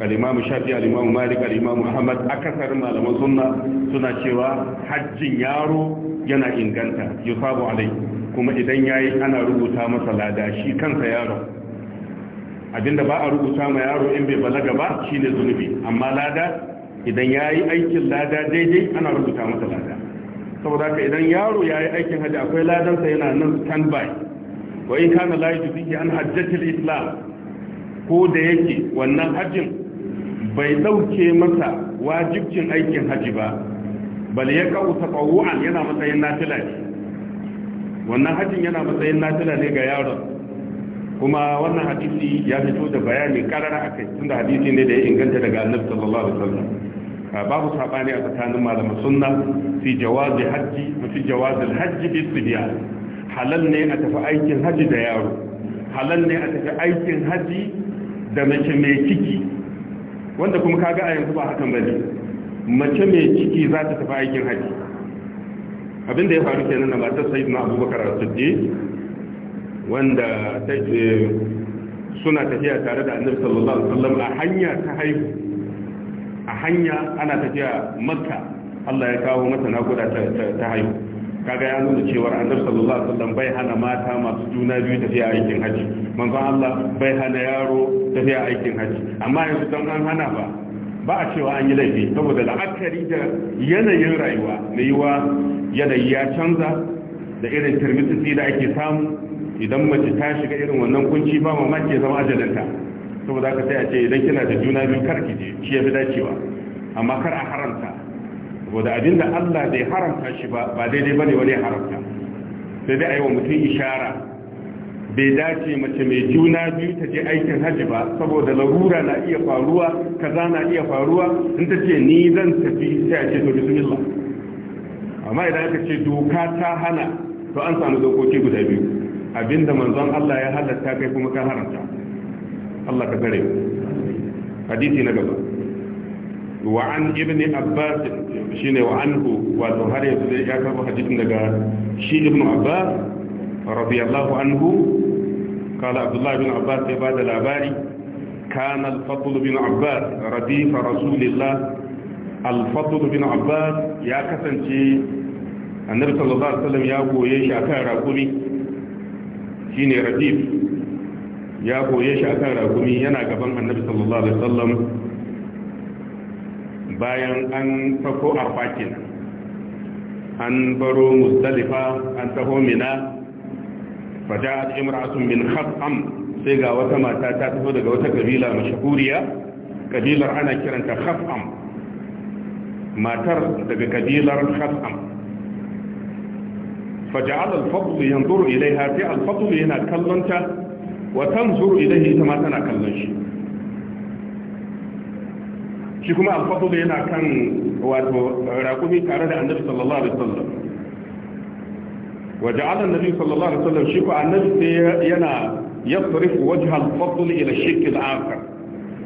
al-imamu shafi al malik al-imamu ahmad akasarin malaman sunna suna cewa hajjin yaro yana inganta yusabu alaihi kuma idan ya yi ana rubuta masa lada shi kansa yaro abinda ba a rubuta ma yaro in bai balaga ba shi ne zunubi amma lada idan ya yi aikin lada daidai ana rubuta masa lada saboda ka idan yaro ya yi aikin hajji akwai ladansa yana nan standby wa in kana la yujzihi an hajjatil islam ko da yake wannan hajjin bai dauke masa wajibcin aikin hajji ba bal ya kawo yana matsayin nafila ne wannan hajjin yana matsayin nafila ne ga yaron kuma wannan hadisi ya fito da bayani karara a kai tunda hadisi ne da ya inganta daga annabi sallallahu alaihi wasallam ah, babu sabani a tsakanin malama sunna fi jawazi hajji fi jawazi alhajji bi sibyan halal ne a tafi aikin haji da yaro halal ne a tafi aikin haji da mace mai ciki wanda kuma kaga a yanzu ba hakan bane mace mai ciki za ta tafi aikin haji abin da ya faru kenan na matar sayyid na abubakar as wanda suna tafiya tare da annabi sallallahu alaihi wasallam a hanya ta haihu a hanya ana tafiya makka Allah ya kawo mata nakuda ta haihu kaga ya nuna cewa annabi sallallahu alaihi wasallam bai hana mata masu juna biyu tafiya aikin haji manzon Allah bai hana yaro tafiya aikin haji amma yanzu dan an hana ba ba a cewa an yi laifi saboda la'akari da yanayin rayuwa na yi wa yanayi ya canza da irin turmitsi da ake samu idan mace ta shiga irin wannan kunci ba mamaki ya zama ajalanta saboda haka sai a ce idan kina da juna biyu kar ki je shi ya fi dacewa amma kar a haramta saboda abinda Allah bai haramta shi ba ba daidai bane wani haramta sai dai a yi wa mutum ishara bai dace mace mai juna biyu ta je aikin hajji ba saboda larura na iya faruwa kaza na iya faruwa in ta ce ni zan tafi sai a ce to bismillah amma idan aka ce doka ta hana to an samu dokoki guda biyu abinda manzon Allah ya halatta kai kuma ka haramta Allah ka gare hadisi na gaba wa an ibn abbas shine wa anhu wato har ya karbo hadisin daga shi ibn abbas radiyallahu anhu قال عبد الله بن عباس بعد الأباري كان الفضل بن عباس رديف رسول الله الفضل بن عباس يا كسنتي النبي صلى الله عليه وسلم يا goye shi akan ya goye shi akan rakumi yana gaban annabi sallallahu alaihi bayan an sako arfakin an baro musdalifa an taho mina faja'at imra'atun min khatam sai ga wata mata ta taho daga wata kabila mashhuriya kabilar ana kiranta khatam matar daga kabilar khatam faja'al al-fadl yanzuru ilaiha fi al-fadl yana kallonta wa tanzuru ilaihi ita ma tana kallon shi shi kuma al-fadl yana kan wato raƙumi tare da annabi sallallahu alaihi wasallam وجعل النبي صلى الله عليه وسلم شكو عن نفسي ينا يطرف وجه الفضل إلى الشك الآخر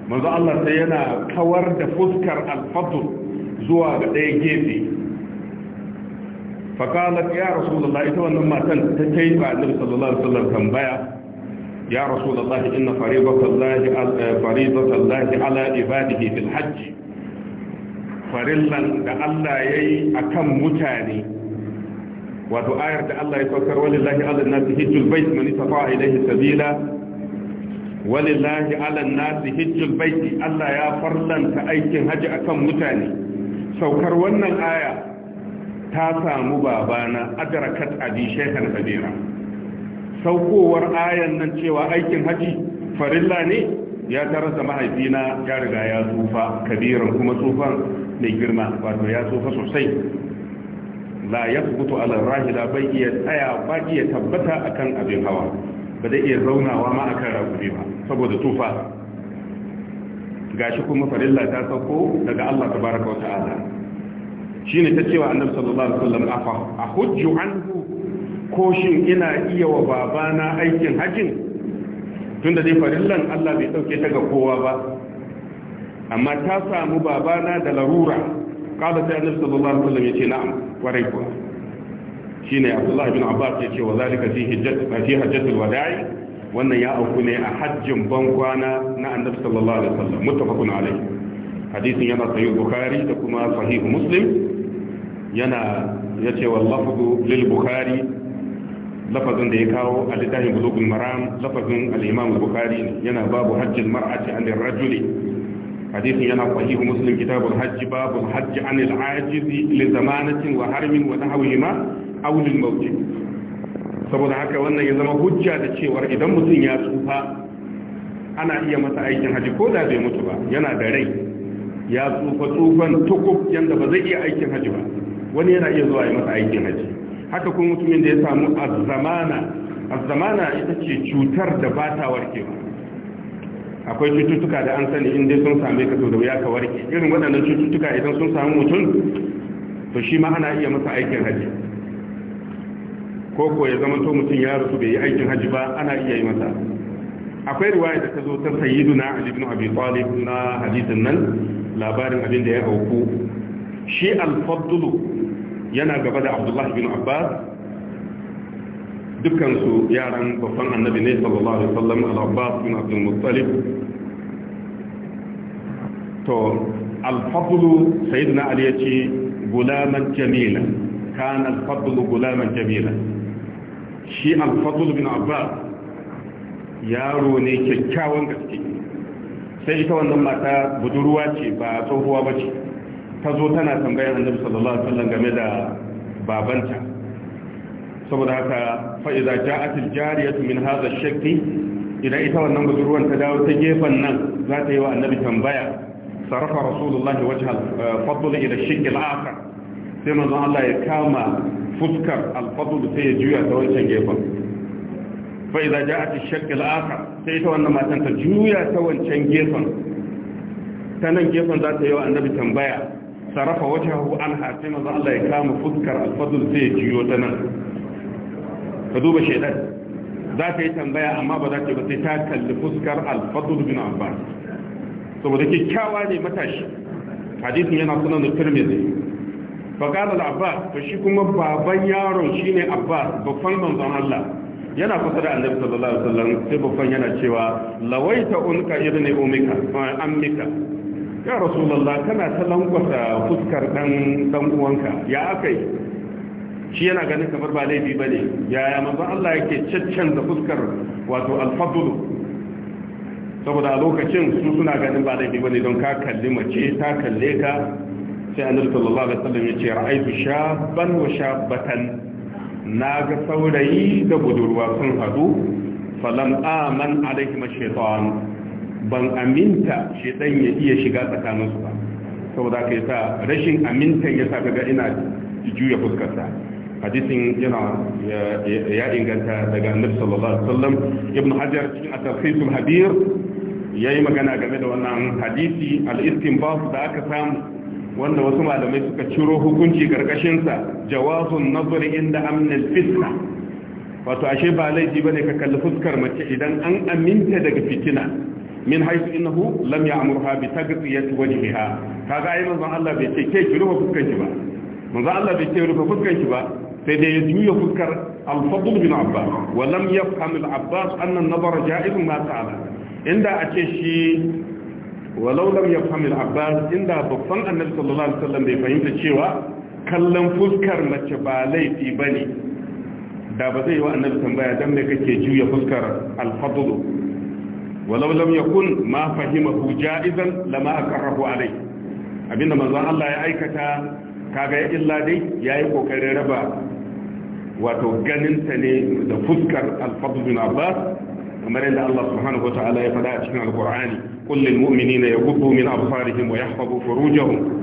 منذ الله سينا كورد فذكر الفضل زوا بأيجيبي فقالت يا رسول الله إذا لما تتكيب عن النبي صلى الله عليه وسلم تنبيا يا رسول الله إن فريضة الله فريضة الله على عباده في الحج فرلا لعل الله أكم متاني wato ayar da Allah ya saukar walillahi ala nasi hijjul bait man istata'a ilayhi sabila walillahi ala nasi hijjul bait Allah ya farlanta aikin haji akan mutane saukar wannan aya ta samu babana adrakat abi shaykhan kabira saukowar ayan nan cewa aikin haji farilla ne ya tarar da mahaifina ya riga ya tsufa kabiran kuma tsufan mai girma wato ya tsufa sosai la yasbutu ala rahila bai iya tsaya ba iya tabbata akan abin hawa ba zai iya zaunawa ma akan rakubi ba saboda tufa gashi kuma farilla ta sauko daga Allah baraka wa ta'ala ne ta cewa annabi sallallahu alaihi wasallam afa hujju anhu ko shin ina iya wa babana aikin hajjin tunda dai farillan Allah bai dauke ta ga kowa ba amma ta samu babana da larura qala sai annabi sallallahu alaihi wasallam yace na'am kwarai kuwa shine abdullah ibn abbas yace wa zalika fi hajjat fi hajjatul wada'i wannan ya auku ne a hajjin ban kwana na annabi sallallahu alaihi wasallam muttafaqun alaihi hadisin yana sahih bukhari da kuma sahih muslim yana yace wallahu lil bukhari lafazin da ya kawo a littafin bulugul maram lafazin al-imam bukhari yana babu hajjin mar'ati an rajuli hadisin yana sahihu muslim kitabul hajj babul hajj anil ajiz li zamanatin wa harmin wa nahwihima aw lil mawt saboda haka wannan ya zama hujja da cewar idan mutum ya tsufa ana iya masa aikin haji ko da bai mutu ba yana da rai ya tsufa tsufan tukub yanda ba zai iya aikin haji ba wani yana iya zuwa ya masa aikin haji haka kuma mutumin da ya samu azzamana azzamana ita ce cutar da ba ta warkewa akwai cututtuka da an sani inda sun same ka to da wuya ka warke irin waɗannan cututtuka idan sun samu mutum to shi ma ana iya masa aikin haji ko ko ya zama to mutum ya rasu bai yi aikin haji ba ana iya yi masa akwai riwaya da ta zo ta sayidu na alibin abi talib na hadisin nan labarin abin da ya hauku. shi alfadulu yana gaba da Abdullahi bin abbas dukansu yaran babban annabi ne sallallahu alaihi wasallam al-abbas bin abdul muttalib to al fadl sayyidina ali yace gulaman jamila kana al fadl gulaman jamila shi al fadl bin abbas yaro ne kyakkyawan gaske sai ita wannan mata budurwa ce ba tsohuwa bace ta zo tana tambayar annabi sallallahu alaihi wasallam game da babanta saboda haka fa idza ja'at al-jariyatu min hadha shakki idan ita wannan budurwan ta dawo ta gefen nan za ta yi wa annabi tambaya sarrafa rasulullahi wajhal eh, fadl ila ash-shakk al sai manzo Allah ya kama fuskar al-fadl sai ya juya ta wancan gefen fa idza ja'at ash sai ita wannan matan ta juya ta wancan gefen ta nan gefen za ta yi wa annabi tambaya sarrafa sarafa wajhahu anha sai manzo Allah ya kama fuskar al-fadl sai ya juyo ta nan ka duba shaidan za ta yi tambaya amma ba za ta ba sai ta kalli fuskar alfadul bin abbas saboda kyakkyawa ne matashi hadisin yana sunan da turmizi qala Abba ta shi kuma baban yaron shi shine abbas babban manzan Allah yana kusa da annabi sallallahu alaihi wasallam sai babban yana cewa lawaita unka ne umika fa ya rasulullah kana ta lankwasa fuskar dan dan uwanka ya akai shi yana ganin kamar ba laifi ba ne yaya manzon Allah yake caccanza fuskar wato alfadul saboda a lokacin su suna ganin ba laifi ba ne don ka kalli mace ta kalle ka sai annabi sallallahu alaihi wasallam ya ce ra'aytu shabban wa na ga saurayi da budurwa sun hadu falam aman alaihim shaytan ban aminta shaytan ya iya shiga tsakaninsu ba saboda kai sa rashin amintan ya sa ga ina juya fuskarsa hadisin yana ya inganta daga annabi sallallahu alaihi wasallam ibn hajar cikin at al habir yayi magana game da wannan hadisi al istinbath da aka samu wanda wasu malamai suka ciro hukunci karkashin sa jawazun nazari inda amna al-fitna wato ashe ba laifi bane ka kalli fuskar mace idan an aminta daga fitina min haythu innahu lam ya'murha bi tagfiyati wajhiha kaga ai manzon Allah bai ce ke ki rufe fuskanki ba manzon Allah bai ce rufe fuskanki ba sai da ya juya fuskar al-fadl bin abbas wa lam yafham al-abbas anna an-nazar ja'iz ma ta'ala inda a ce shi walau lam yafham al-abbas inda babban annabi sallallahu alaihi wasallam bai fahimta cewa kallon fuskar mace ba laifi bane da ba zai yi wa annabi tambaya dan me kake juya fuskar al-fadl walau lam yakun ma fahimahu ja'izan lama akrahu alayhi abinda manzon Allah ya aikata kaga illa dai yayi kokarin raba wato ganin ta ne da fuskar al-fadl bin abbas kamar yadda Allah subhanahu wa ta'ala ya faɗa a cikin al-qur'ani qul lil mu'minina yaghuddu min absarihim wa inna furujahum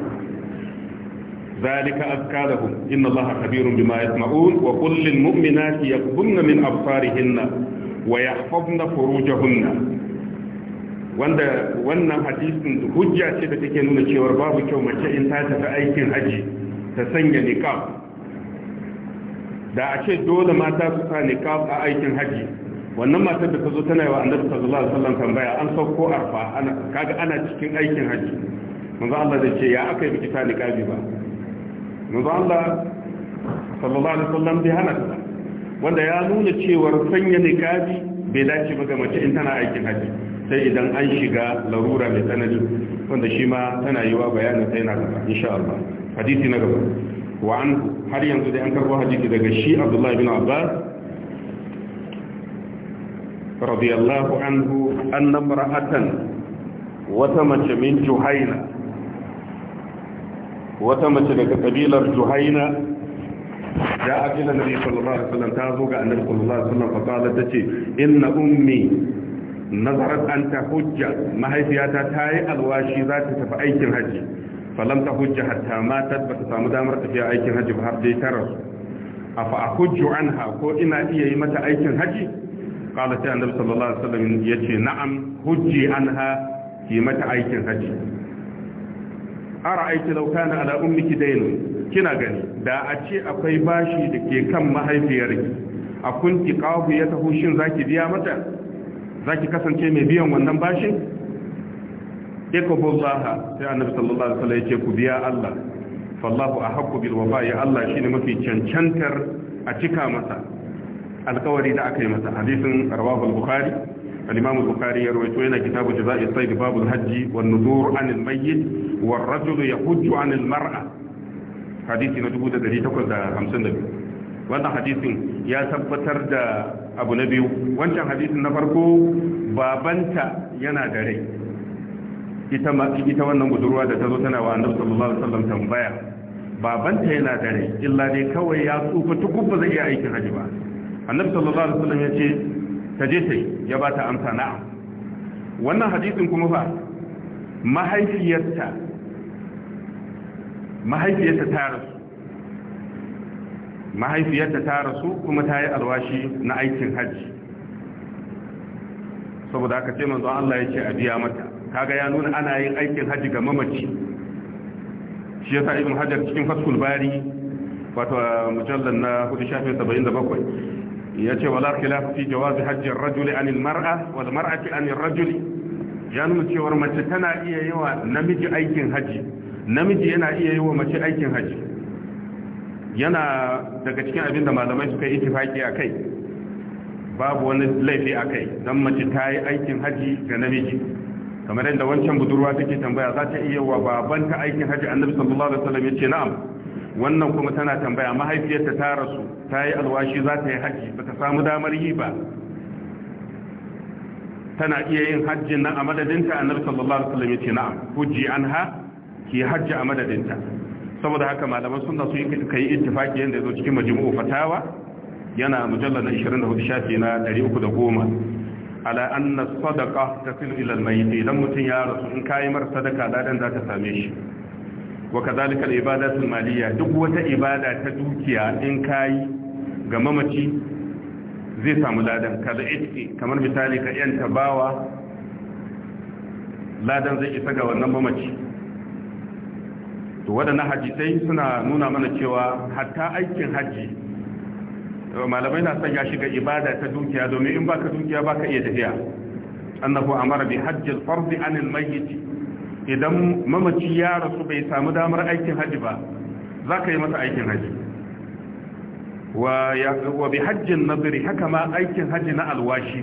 ذلك أذكى لهم wa kullum خبير بما يسمعون وقل للمؤمنات يغضن من أبصارهن ويحفظن فروجهن wanda wannan hadisin hujja ce da take nuna cewar babu kyau mace in ta tafi aikin haji ta sanya niqab da a ce dole mata su sa niqab a aikin haji wannan matar da ta zo tana yi wa annabi sallallahu alaihi wasallam tambaya an sauko arfa ana kaga ana cikin aikin haji manzo Allah da ce ya akai biki ta niqabi ba manzo Allah sallallahu alaihi wasallam bi hana wanda ya nuna cewar sanya niqabi bai dace ba ga mace in tana aikin haji sai idan an shiga larura mai tsanani wanda shi ma tana yi wa bayanin sai na gaba insha Allah hadisi na gaba wa anhu har yanzu dai an karbo hadisi daga shi abdullahi bin abbas radiyallahu anhu anna mar'atan wata mace min juhaina wata mace daga kabilar juhaina جاءت إلى النبي صلى الله عليه وسلم تازوك أن النبي صلى الله عليه وسلم فقالت تشي إن أمي نظرت أن تحج ما tayi alwashi za ta tafi aikin الهجي falam ta hujja hatta matat ba ta samu damar tafiya aikin hajji ba har dai ta rasu afa hujju anha ko ina iya yi mata aikin haji qala ta annabi sallallahu alaihi wasallam yace na'am hujji anha ki mata aikin haji ara'aiti law kana ala ummiki daynun kina gani da a ce akwai bashi da ke kan mahaifiyarki a kunti qahu ya taho shin zaki biya mata zaki kasance mai biyan wannan bashin ikubullaha sai annabi sallallahu alaihi wasallam yake ku biya Allah fallahu ahqqu bil ya Allah shine mafi cancantar a cika masa alkawari da aka yi masa hadisin rawahu al-bukhari al-imam al-bukhari ya rawaito yana kitabu jazaa'i sayd babul hajji wan nuzur an al-mayyit war rajulu yahujju an al-mar'a hadisi na 1852 wannan hadisin ya tabbatar da abu na biyu wancan hadisin na farko babanta yana da rai ita wannan budurwa da ta zo tana wa annabi sallallahu alaihi wasallam tambaya babanta yana dare illa dai kawai ya tsufa tukun ba zai iya aikin haji ba annabi sallallahu alaihi wasallam ya ce ta je sai ya ba ta amsa na'am wannan hadisin kuma fa mahaifiyarta mahaifiyarta ta rasu mahaifiyarta ta rasu kuma ta yi alwashi na aikin haji saboda aka ce manzon Allah ya ce a biya mata kaga ya nuna ana yin aikin haji ga mamaci shi yasa ibn hajar cikin fathul bari wato mujallal na hudu shafin saba'in da bakwai ya ce wala khilaf fi jawazi hajji rajuli anil mar'a wal mar'ati anil rajuli ya nuna cewar mace tana iya yi wa namiji aikin haji namiji yana iya yi wa mace aikin haji yana daga cikin abin da malamai suka yi ittifaki a kai babu wani laifi a kai don mace ta yi aikin haji ga namiji kamar yadda wancan budurwa take tambaya za ta iya wa babanta aikin hajji annabi sallallahu alaihi wasallam yace na'am wannan kuma tana tambaya mahaifiyarta ta rasu ta yi alwashi za ta yi haji ba ta samu damar yi ba tana iya yin hajjin nan a madadinta annabi sallallahu alaihi wasallam yace na'am hujji anha ki hajji a madadinta saboda haka malaman sunna su yi kai ittifaki yanda yazo cikin majmu'u fatawa yana mujallal 24 shafi na 310 ala anna sadaqa tasilu ila almayyit idan mutun ya rasu in kai mar sadaka dadan za ta same shi wa kadhalika alibadatu almaliyya duk wata ibada ta dukiya in kai ga mamaci zai samu ladan kada itki kamar misali ka yanta bawa ladan zai isa ga wannan mamaci to wadannan sai suna nuna mana cewa hatta aikin Hajji. malamai na son ya shiga ibada ta dukiya domin in baka dukiya baka iya tafiya annahu amara bi hajjil fardi anil mayyit idan mamaci ya rasu bai samu damar aikin haji ba zaka yi masa aikin haji wa ya wa bi hajjin nadri haka ma aikin haji na alwashi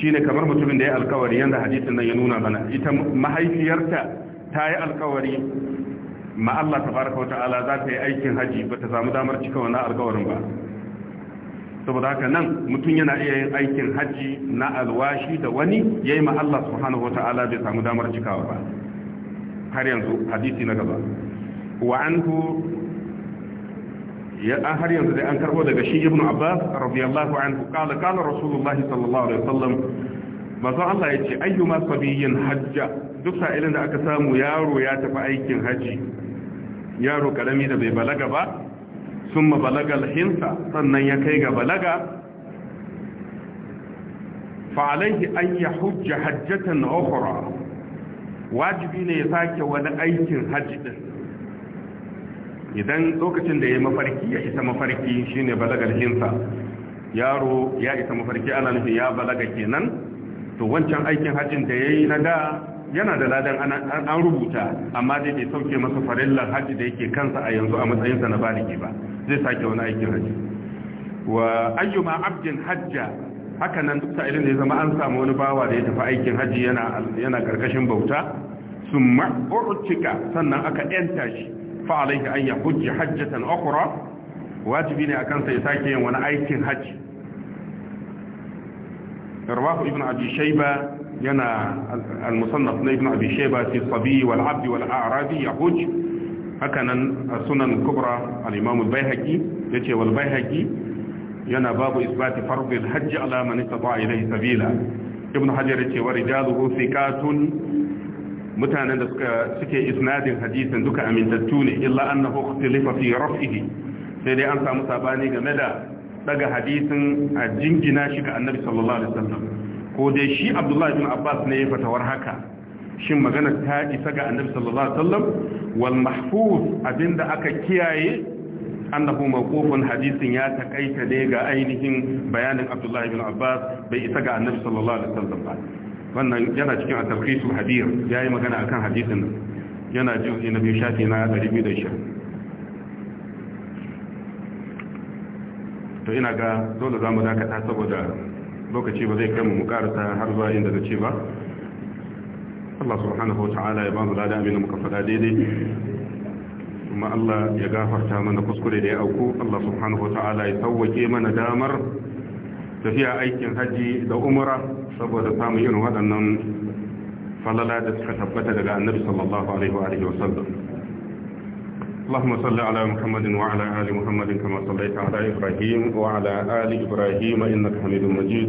shine kamar mutumin da ya alkawari yanda hadisin nan ya nuna mana ita mahaifiyarta ta yi alkawari ma Allah tabaraka wa ta'ala za ta yi aikin haji bata samu damar cika wannan alkawarin ba saboda haka nan mutum yana iya yin aikin hajji na alwashi da wani ya yi ma Allah subhanahu wa ta'ala bai samu damar cikawa ba har yanzu hadisi na gaba wa anhu ya har yanzu dai an karbo daga shi ibnu abbas radiyallahu anhu qala qala rasulullahi sallallahu alaihi wasallam manzo Allah yace ayyuma sabiyin hajja duk sa'ilin da aka samu yaro ya tafi aikin haji yaro karami da bai balaga ba sun balagal hinsa sannan ya kai ga balaga fa'alaihi an ya hujja hajjatan okura wajibi ne ya sake wani aikin hajji din idan lokacin da ya mafarki ya isa mafarki shine balagal hinsa yaro ya isa mafarki ana nufin ya balaga kenan to wancan aikin hajjin da ya yi na da yana da ladan an rubuta amma dai bai sauke masa farillar hajji da yake kansa a yanzu a matsayinsa na baligi ba zai sake wani aikin haji wa ayyuma abdin hajja haka nan duk sa'ilin da ya zama an samu wani bawa da ya tafi aikin haji yana yana karkashin bauta summa urtika sannan aka yanta shi fa alaihi an yahujja hajjatan ukhra wajibi ne akan sa ya sake yin wani aikin haji rawahu ibn abi shayba yana al-musannaf ibn abi shayba fi sabi wal abd hakanan a sunan kubra al-imam al-baihaqi yace wal baihaqi yana babu isbati fardil hajji ala man istata ilayhi sabila ibn hajar yace wa rijaluhu thiqatun mutanen da suka suke isnadin hadisin duka amintattu ne illa annahu ikhtalafa fi raf'ihi sai dai an samu sabani game da daga hadisin a jingina shi ga annabi sallallahu alaihi wasallam ko dai shi abdullahi bin abbas ne ya fatawar haka shin magana ta isa ga annabi sallallahu alaihi wasallam wal mahfuz abinda aka kiyaye annahu maqufun hadisin ya takaita ne ga ainihin bayanin Abdullah ibn Abbas bai isa ga annabi sallallahu alaihi wasallam ba wannan yana cikin at-tarqisul hadith yayi magana akan hadisin yana jin na biyu shafi na 220 to ina ga dole zamu dakata saboda lokaci ba zai kai mu karasa har zuwa inda zace ba Allah subhanahu wa ta'ala ya ba mu lada abin da muka faɗa daidai kuma Allah ya gafarta mana kuskure da ya auku Allah subhanahu wa ta'ala ya sauwake mana damar tafiya aikin hajji da umara saboda samun irin waɗannan falala da suka tabbata daga annabi sallallahu alaihi wa alihi wa sallam اللهم صل على محمد وعلى آل محمد كما صليت على إبراهيم وعلى آل إبراهيم إنك حميد مجيد